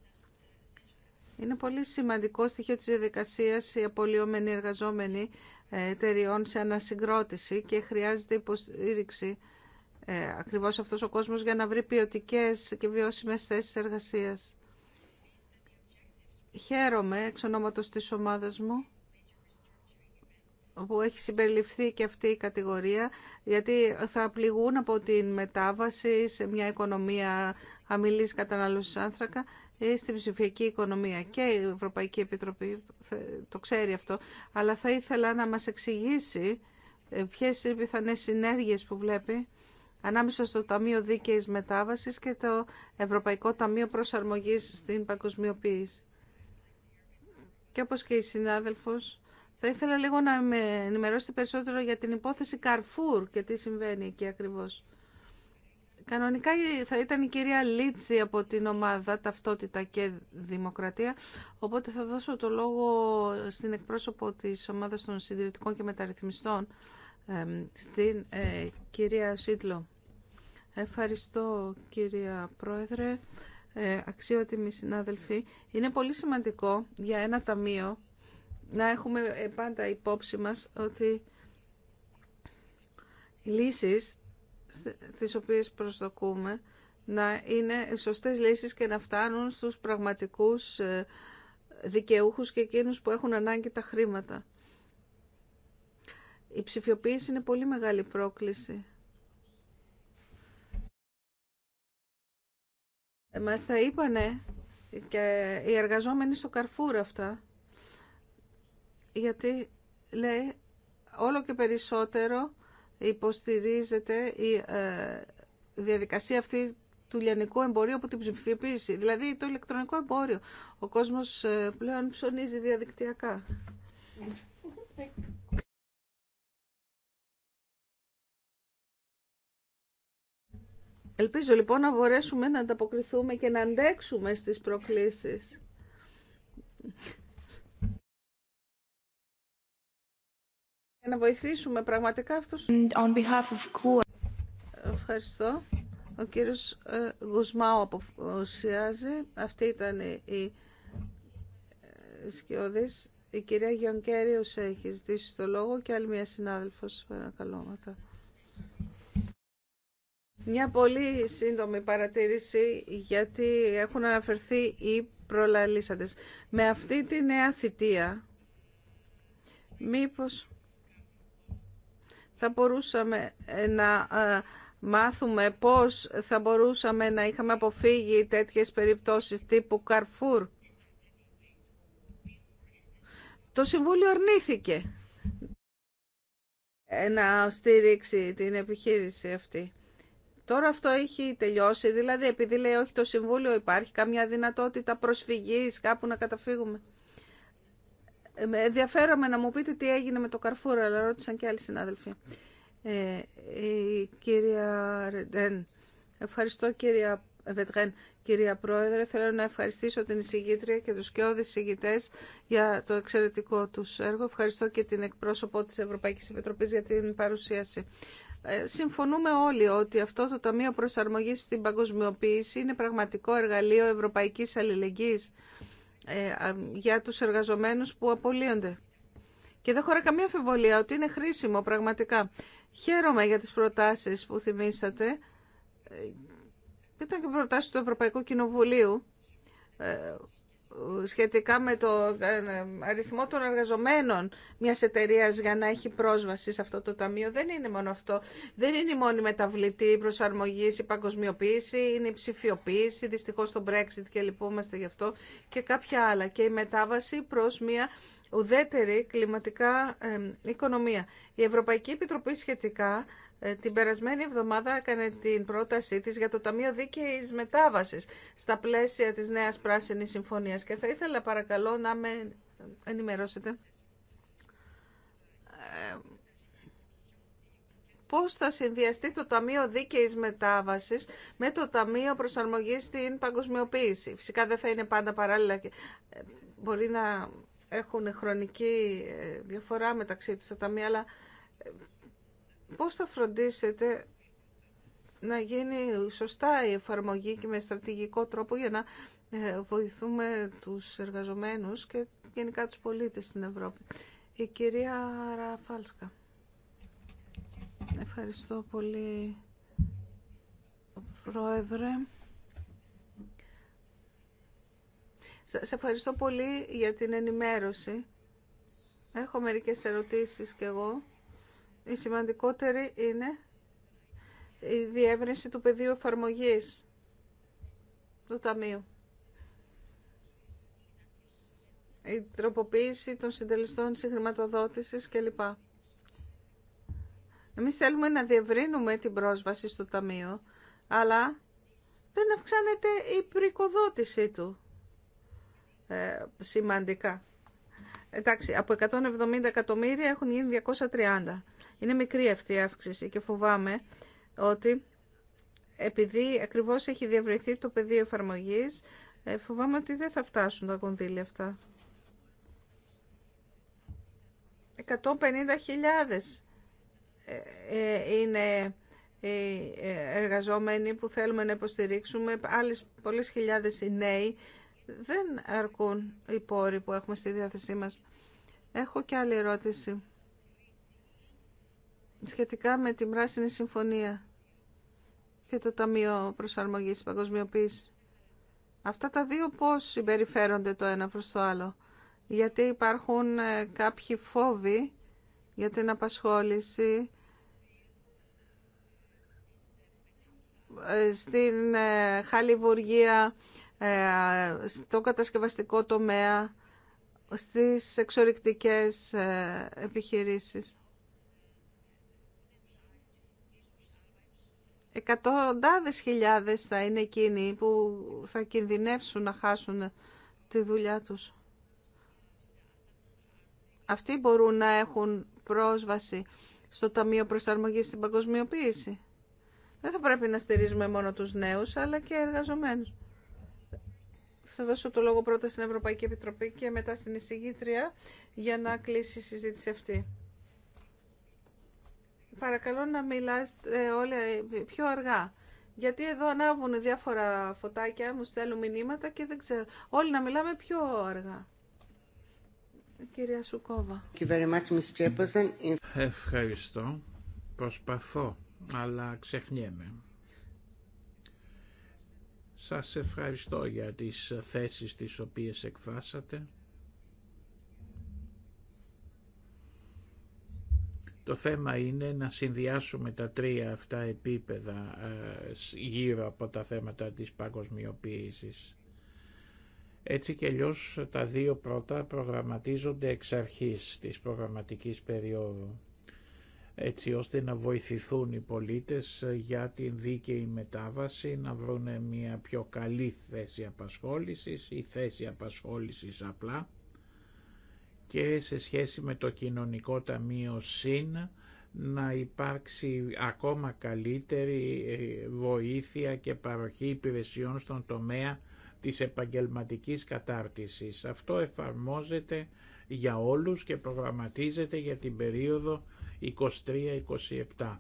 Είναι πολύ σημαντικό στοιχείο της διαδικασία οι απολύωμενοι εργαζόμενοι ε, εταιριών σε ανασυγκρότηση και χρειάζεται υποστήριξη ε, ακριβώς αυτός ο κόσμος για να βρει ποιοτικέ και βιώσιμες θέσεις εργασίας. Χαίρομαι εξ ονόματος της ομάδας μου που έχει συμπεριληφθεί και αυτή η κατηγορία, γιατί θα πληγούν από την μετάβαση σε μια οικονομία χαμηλής κατανάλωσης άνθρακα ή στην ψηφιακή οικονομία. Και η Ευρωπαϊκή Επιτροπή το ξέρει αυτό, αλλά θα ήθελα να μας εξηγήσει ε, ποιες είναι οι πιθανές συνέργειες που βλέπει ανάμεσα στο Ταμείο Δίκαιης Μετάβασης και το Ευρωπαϊκό Ταμείο Προσαρμογής στην Παγκοσμιοποίηση. Και όπως και η συνάδελφος, θα ήθελα λίγο να με ενημερώσετε περισσότερο για την υπόθεση Καρφούρ και τι συμβαίνει εκεί ακριβώς. Κανονικά θα ήταν η κυρία Λίτση από την ομάδα Ταυτότητα και Δημοκρατία, οπότε θα δώσω το λόγο στην εκπρόσωπο της ομάδας των συντηρητικών και μεταρρυθμιστών, στην ε, κυρία Σίτλο. Ευχαριστώ κυρία Πρόεδρε, ε, αξιότιμοι συνάδελφοι. Είναι πολύ σημαντικό για ένα ταμείο να έχουμε ε, πάντα υπόψη μας ότι οι λύσεις τις οποίες προσδοκούμε να είναι σωστές λύσεις και να φτάνουν στους πραγματικούς ε, δικαιούχους και εκείνους που έχουν ανάγκη τα χρήματα. Η ψηφιοποίηση είναι πολύ μεγάλη πρόκληση. Μας τα είπανε και οι εργαζόμενοι στο Καρφούρ αυτά γιατί λέει όλο και περισσότερο υποστηρίζεται η ε, διαδικασία αυτή του λιανικού εμπορίου από την ψηφιοποίηση, δηλαδή το ηλεκτρονικό εμπόριο. Ο κόσμος ε, πλέον ψωνίζει διαδικτυακά. Ελπίζω λοιπόν να μπορέσουμε να ανταποκριθούμε και να αντέξουμε στις προκλήσεις. να βοηθήσουμε πραγματικά αυτούς. On behalf of Ευχαριστώ. Ο κύριος ε, Γουσμάου αποφασιάζει. Αυτή ήταν η ε, σκιώδης. Η κυρία Γιονκέριος έχει ζητήσει το λόγο και άλλη μια συνάδελφος. Παρακαλώ. Μια πολύ σύντομη παρατήρηση γιατί έχουν αναφερθεί οι προλαλήσαντες. Με αυτή τη νέα θητεία μήπως θα μπορούσαμε ε, να ε, μάθουμε πώς θα μπορούσαμε να είχαμε αποφύγει τέτοιες περιπτώσεις τύπου Καρφούρ. Το Συμβούλιο αρνήθηκε ε, να στήριξει την επιχείρηση αυτή. Τώρα αυτό έχει τελειώσει, δηλαδή επειδή λέει όχι το Συμβούλιο υπάρχει καμιά δυνατότητα προσφυγής κάπου να καταφύγουμε ενδιαφέρομαι να μου πείτε τι έγινε με το Καρφούρα, αλλά ρώτησαν και άλλοι συνάδελφοι. Ε, κυρία Ρεντέν, ευχαριστώ κυρία Βετγέν. Κυρία Πρόεδρε, θέλω να ευχαριστήσω την εισηγήτρια και τους και εισηγητές για το εξαιρετικό τους έργο. Ευχαριστώ και την εκπρόσωπο της Ευρωπαϊκής Επιτροπής για την παρουσίαση. Ε, συμφωνούμε όλοι ότι αυτό το Ταμείο Προσαρμογής στην Παγκοσμιοποίηση είναι πραγματικό εργαλείο ευρωπαϊκής αλληλεγγύης ε, για τους εργαζομένους που απολύονται. Και δεν χωρά καμία αφιβολία ότι είναι χρήσιμο πραγματικά. Χαίρομαι για τις προτάσεις που θυμήσατε. Ε, ήταν και προτάσεις του Ευρωπαϊκού Κοινοβουλίου ε, σχετικά με το ε, αριθμό των εργαζομένων μιας εταιρείας για να έχει πρόσβαση σε αυτό το ταμείο. Δεν είναι μόνο αυτό. Δεν είναι μόνο η μεταβλητή προσαρμογή, η παγκοσμιοποίηση, είναι η ψηφιοποίηση, δυστυχώς το Brexit και λυπούμαστε γι' αυτό και κάποια άλλα. Και η μετάβαση προς μια ουδέτερη κλιματικά ε, οικονομία. Η Ευρωπαϊκή Επιτροπή σχετικά ε, την περασμένη εβδομάδα έκανε την πρότασή της για το Ταμείο Δίκαιης Μετάβασης στα πλαίσια της Νέας Πράσινης Συμφωνίας και θα ήθελα παρακαλώ να με ενημερώσετε ε, πώς θα συνδυαστεί το Ταμείο Δίκαιης Μετάβασης με το Ταμείο Προσαρμογής στην Παγκοσμιοποίηση. Φυσικά δεν θα είναι πάντα παράλληλα και ε, μπορεί να έχουν χρονική διαφορά μεταξύ τους τα ταμεία, αλλά Πώς θα φροντίσετε να γίνει σωστά η εφαρμογή και με στρατηγικό τρόπο για να ε, βοηθούμε τους εργαζομένους και γενικά τους πολίτες στην Ευρώπη. Η κυρία Ραφάλσκα. Ευχαριστώ πολύ, Πρόεδρε. Σε ευχαριστώ πολύ για την ενημέρωση. Έχω μερικές ερωτήσεις κι εγώ η σημαντικότερη είναι η διεύρυνση του πεδίου εφαρμογής του Ταμείου. Η τροποποίηση των συντελεστών συγχρηματοδότησης κλπ. Εμείς θέλουμε να διευρύνουμε την πρόσβαση στο Ταμείο, αλλά δεν αυξάνεται η πρικοδότησή του ε, σημαντικά. Εντάξει, από 170 εκατομμύρια έχουν γίνει 230. Είναι μικρή αυτή η αύξηση και φοβάμαι ότι επειδή ακριβώς έχει διαβρεθεί το πεδίο εφαρμογής, ε, φοβάμαι ότι δεν θα φτάσουν τα κονδύλια αυτά. 150.000 ε, ε, είναι οι εργαζόμενοι που θέλουμε να υποστηρίξουμε, άλλες πολλές χιλιάδες οι νέοι, δεν αρκούν οι πόροι που έχουμε στη διάθεσή μας. Έχω και άλλη ερώτηση σχετικά με την Πράσινη Συμφωνία και το Ταμείο Προσαρμογής Παγκοσμιοποίησης. Αυτά τα δύο πώς συμπεριφέρονται το ένα προς το άλλο. Γιατί υπάρχουν ε, κάποιοι φόβοι για την απασχόληση ε, στην ε, χαλιβουργία, στο κατασκευαστικό τομέα, στις εξορυκτικές επιχειρήσεις. εκατοντάδες χιλιάδες θα είναι εκείνοι που θα κινδυνεύσουν να χάσουν τη δουλειά τους. Αυτοί μπορούν να έχουν πρόσβαση στο Ταμείο Προσαρμογής στην Παγκοσμιοποίηση. Δεν θα πρέπει να στηρίζουμε μόνο τους νέους, αλλά και εργαζομένους. Θα δώσω το λόγο πρώτα στην Ευρωπαϊκή Επιτροπή και μετά στην εισηγήτρια για να κλείσει η συζήτηση αυτή. Παρακαλώ να μιλάτε όλοι πιο αργά. Γιατί εδώ ανάβουν διάφορα φωτάκια, μου στέλνουν μηνύματα και δεν ξέρω. Όλοι να μιλάμε πιο αργά. Κυρία Σουκόβα. Ευχαριστώ. Προσπαθώ, αλλά ξεχνιέμαι. Σας ευχαριστώ για τις θέσεις τις οποίες εκφράσατε. Το θέμα είναι να συνδυάσουμε τα τρία αυτά επίπεδα ε, γύρω από τα θέματα της παγκοσμιοποίησης. Έτσι και αλλιώ τα δύο πρώτα προγραμματίζονται εξ αρχής της προγραμματικής περίοδου, έτσι ώστε να βοηθηθούν οι πολίτες ε, για την δίκαιη μετάβαση, να βρουν μια πιο καλή θέση απασχόλησης ή θέση απασχόλησης απλά, και σε σχέση με το κοινωνικό ταμείο ΣΥΝ να υπάρξει ακόμα καλύτερη ε, βοήθεια και παροχή υπηρεσιών στον τομέα της επαγγελματικής κατάρτισης. Αυτό εφαρμόζεται για όλους και προγραμματίζεται για την περίοδο 23-27.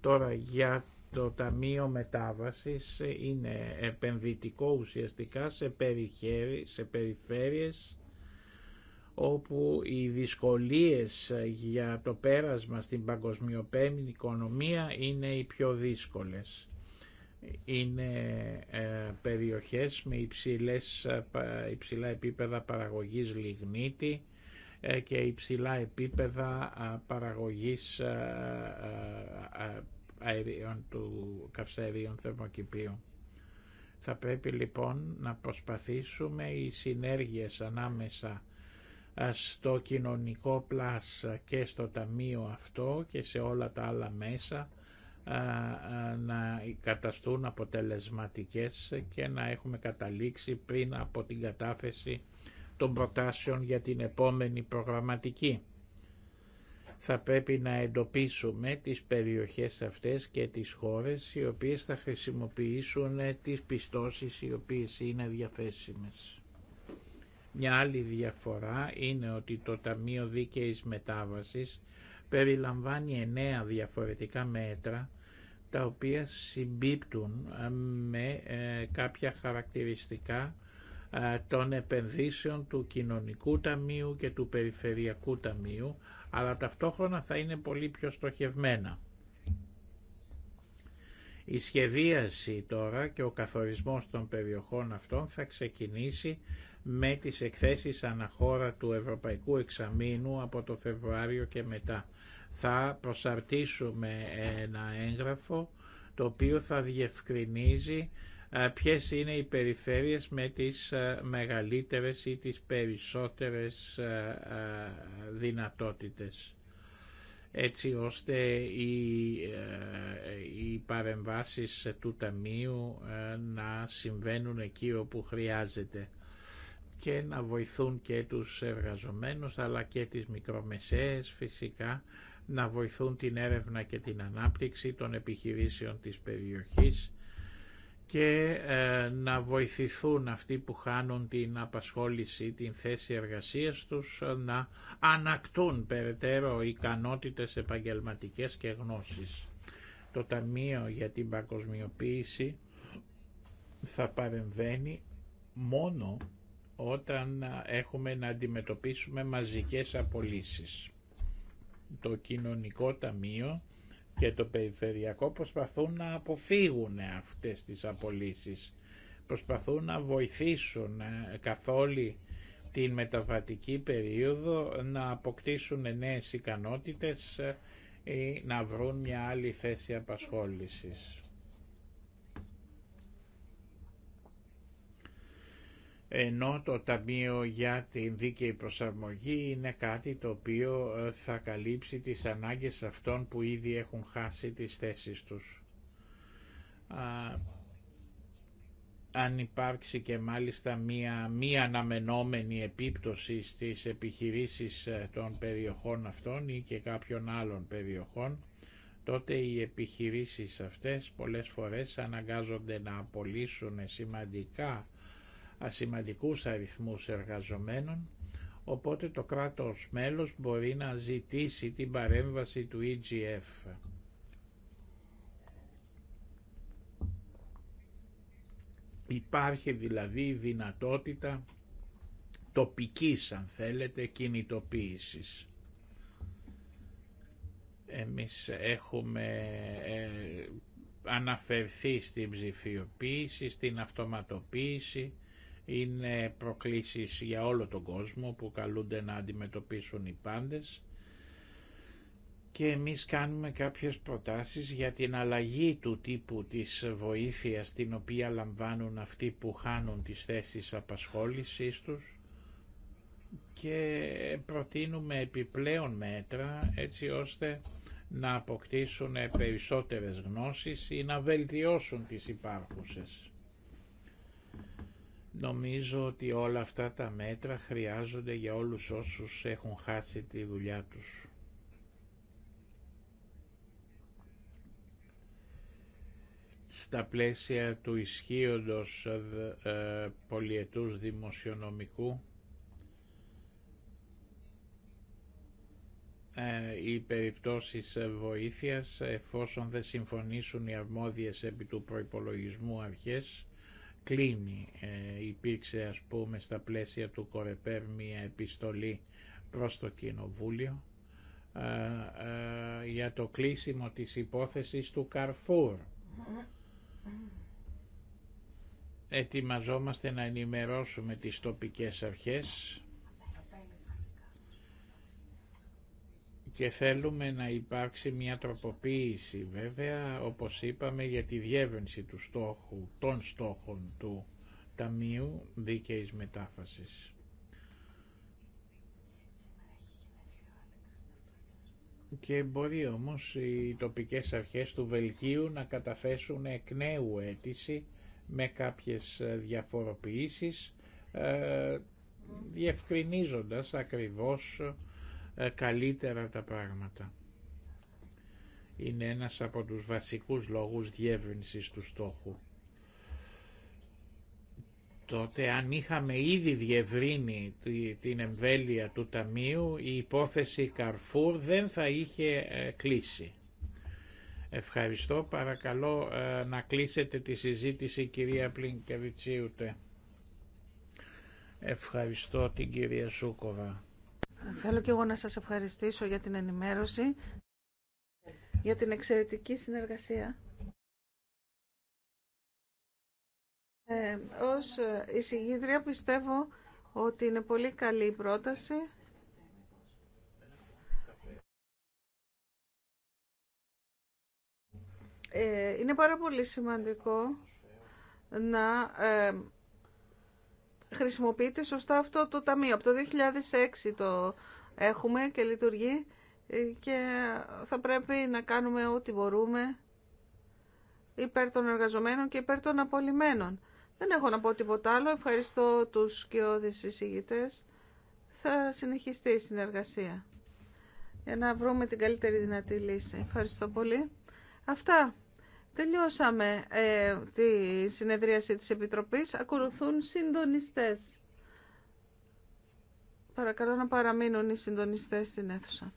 Τώρα για το Ταμείο Μετάβασης ε, είναι επενδυτικό ουσιαστικά σε, σε περιφέρειες όπου οι δυσκολίες για το πέρασμα στην παγκοσμιοπέμινη οικονομία είναι οι πιο δύσκολες. Είναι ε, περιοχές με υψηλές, ε, υψηλά επίπεδα παραγωγής λιγνίτη ε, και υψηλά επίπεδα παραγωγής αερίων του καυσαερίων θερμοκηπίου. Θα πρέπει λοιπόν να προσπαθήσουμε οι συνέργειες ανάμεσα στο κοινωνικό πλάς και στο ταμείο αυτό και σε όλα τα άλλα μέσα να καταστούν αποτελεσματικές και να έχουμε καταλήξει πριν από την κατάθεση των προτάσεων για την επόμενη προγραμματική. Θα πρέπει να εντοπίσουμε τις περιοχές αυτές και τις χώρες οι οποίες θα χρησιμοποιήσουν τις πιστώσεις οι οποίες είναι διαθέσιμες. Μια άλλη διαφορά είναι ότι το Ταμείο Δίκαιης Μετάβασης περιλαμβάνει εννέα διαφορετικά μέτρα τα οποία συμπίπτουν ε, με ε, κάποια χαρακτηριστικά ε, των επενδύσεων του Κοινωνικού Ταμείου και του Περιφερειακού Ταμείου, αλλά ταυτόχρονα θα είναι πολύ πιο στοχευμένα. Η σχεδίαση τώρα και ο καθορισμός των περιοχών αυτών θα ξεκινήσει με τις εκθέσεις αναχώρα του Ευρωπαϊκού Εξαμήνου από το Φεβρουάριο και μετά. Θα προσαρτήσουμε ένα έγγραφο το οποίο θα διευκρινίζει ε, ποιες είναι οι περιφέρειες με τις ε, μεγαλύτερες ή τις περισσότερες ε, δυνατότητες έτσι ώστε οι, οι παρεμβάσεις του Ταμείου να συμβαίνουν εκεί όπου χρειάζεται και να βοηθούν και τους εργαζομένους αλλά και τις μικρομεσαίες φυσικά να βοηθούν την έρευνα και την ανάπτυξη των επιχειρήσεων της περιοχής και ε, να βοηθηθούν αυτοί που χάνουν την απασχόληση, την θέση εργασίας τους ε, να ανακτούν περαιτέρω ικανότητες επαγγελματικές και γνώσεις. Το Ταμείο για την Παγκοσμιοποίηση θα παρεμβαίνει μόνο όταν έχουμε να αντιμετωπίσουμε μαζικές απολύσεις. Το κοινωνικό ταμείο και το περιφερειακό προσπαθούν να αποφύγουν αυτές τις απολύσεις. Προσπαθούν να βοηθήσουν ε, καθ' την μεταβατική περίοδο να αποκτήσουν νέες ικανότητες ε, ή να βρουν μια άλλη θέση απασχόλησης. ενώ το Ταμείο για την Δίκαιη Προσαρμογή είναι κάτι το οποίο ε, θα καλύψει τις ανάγκες αυτών που ήδη έχουν χάσει τις θέσεις τους. Α, αν υπάρξει και μάλιστα μία μη αναμενόμενη επίπτωση στις επιχειρήσεις ε, των περιοχών αυτών ή και κάποιων άλλων περιοχών, τότε οι επιχειρήσεις αυτές πολλές φορές αναγκάζονται να απολύσουν σημαντικά ασημαντικούς αριθμούς εργαζομένων, οπότε το κράτος μέλος μπορεί να ζητήσει την παρέμβαση του EGF. Υπάρχει δηλαδή η δυνατότητα τοπικής αν θέλετε κινητοποίησης. Εμείς έχουμε ε, αναφερθεί στην ψηφιοποίηση, στην αυτοματοποίηση, είναι προκλήσεις για όλο τον κόσμο που καλούνται να αντιμετωπίσουν οι πάντες και εμείς κάνουμε κάποιες προτάσεις για την αλλαγή του τύπου της βοήθειας την οποία λαμβάνουν αυτοί που χάνουν τις θέσεις απασχόλησής τους και προτείνουμε επιπλέον μέτρα έτσι ώστε να αποκτήσουν περισσότερες γνώσεις ή να βελτιώσουν τις υπάρχουσες. Νομίζω ότι όλα αυτά τα μέτρα χρειάζονται για όλους όσους έχουν χάσει τη δουλειά τους. Στα πλαίσια του ισχύοντος ε, ε, πολιετούς δημοσιονομικού ε, οι περιπτώσεις βοήθειας εφόσον δεν συμφωνήσουν οι αρμόδιες επί του προϋπολογισμού αρχές κλείνει. Ε, υπήρξε ας πούμε στα πλαίσια του Κορεπέρ μια επιστολή προς το Κοινοβούλιο ε, ε, για το κλείσιμο της υπόθεσης του Καρφούρ. Ετοιμαζόμαστε να ενημερώσουμε τις τοπικές αρχές και θέλουμε να υπάρξει μια τροποποίηση βέβαια όπως είπαμε για τη διεύρυνση του στόχου, των στόχων του Ταμείου Δίκαιης Μετάφασης. Και μπορεί όμως οι τοπικές αρχές του Βελγίου να καταθέσουν εκ νέου αίτηση με κάποιες διαφοροποιήσεις ε, διευκρινίζοντας ακριβώς ε, καλύτερα τα πράγματα. Είναι ένας από τους βασικούς λόγους διεύρυνσης του στόχου. Τότε αν είχαμε ήδη διευρύνει την εμβέλεια του Ταμείου, η υπόθεση Καρφούρ δεν θα είχε ε, κλείσει. Ευχαριστώ. Παρακαλώ ε, να κλείσετε τη συζήτηση κυρία Πλίνκεβιτσίουτε. Ευχαριστώ την κυρία Σούκοβα. Θέλω και εγώ να σας ευχαριστήσω για την ενημέρωση, για την εξαιρετική συνεργασία. Ε, ως εισηγήτρια πιστεύω ότι είναι πολύ καλή η πρόταση. Ε, είναι πάρα πολύ σημαντικό να ε, χρησιμοποιείται σωστά αυτό το ταμείο. Από το 2006 το έχουμε και λειτουργεί ε, και θα πρέπει να κάνουμε ό,τι μπορούμε υπέρ των εργαζομένων και υπέρ των απολυμένων. Δεν έχω να πω τίποτα άλλο. Ευχαριστώ τους και όδες Θα συνεχιστεί η συνεργασία για να βρούμε την καλύτερη δυνατή λύση. Ευχαριστώ πολύ. Αυτά. Τελειώσαμε ε, τη συνεδρίαση της Επιτροπής. Ακολουθούν συντονιστές. Παρακαλώ να παραμείνουν οι συντονιστές στην αίθουσα.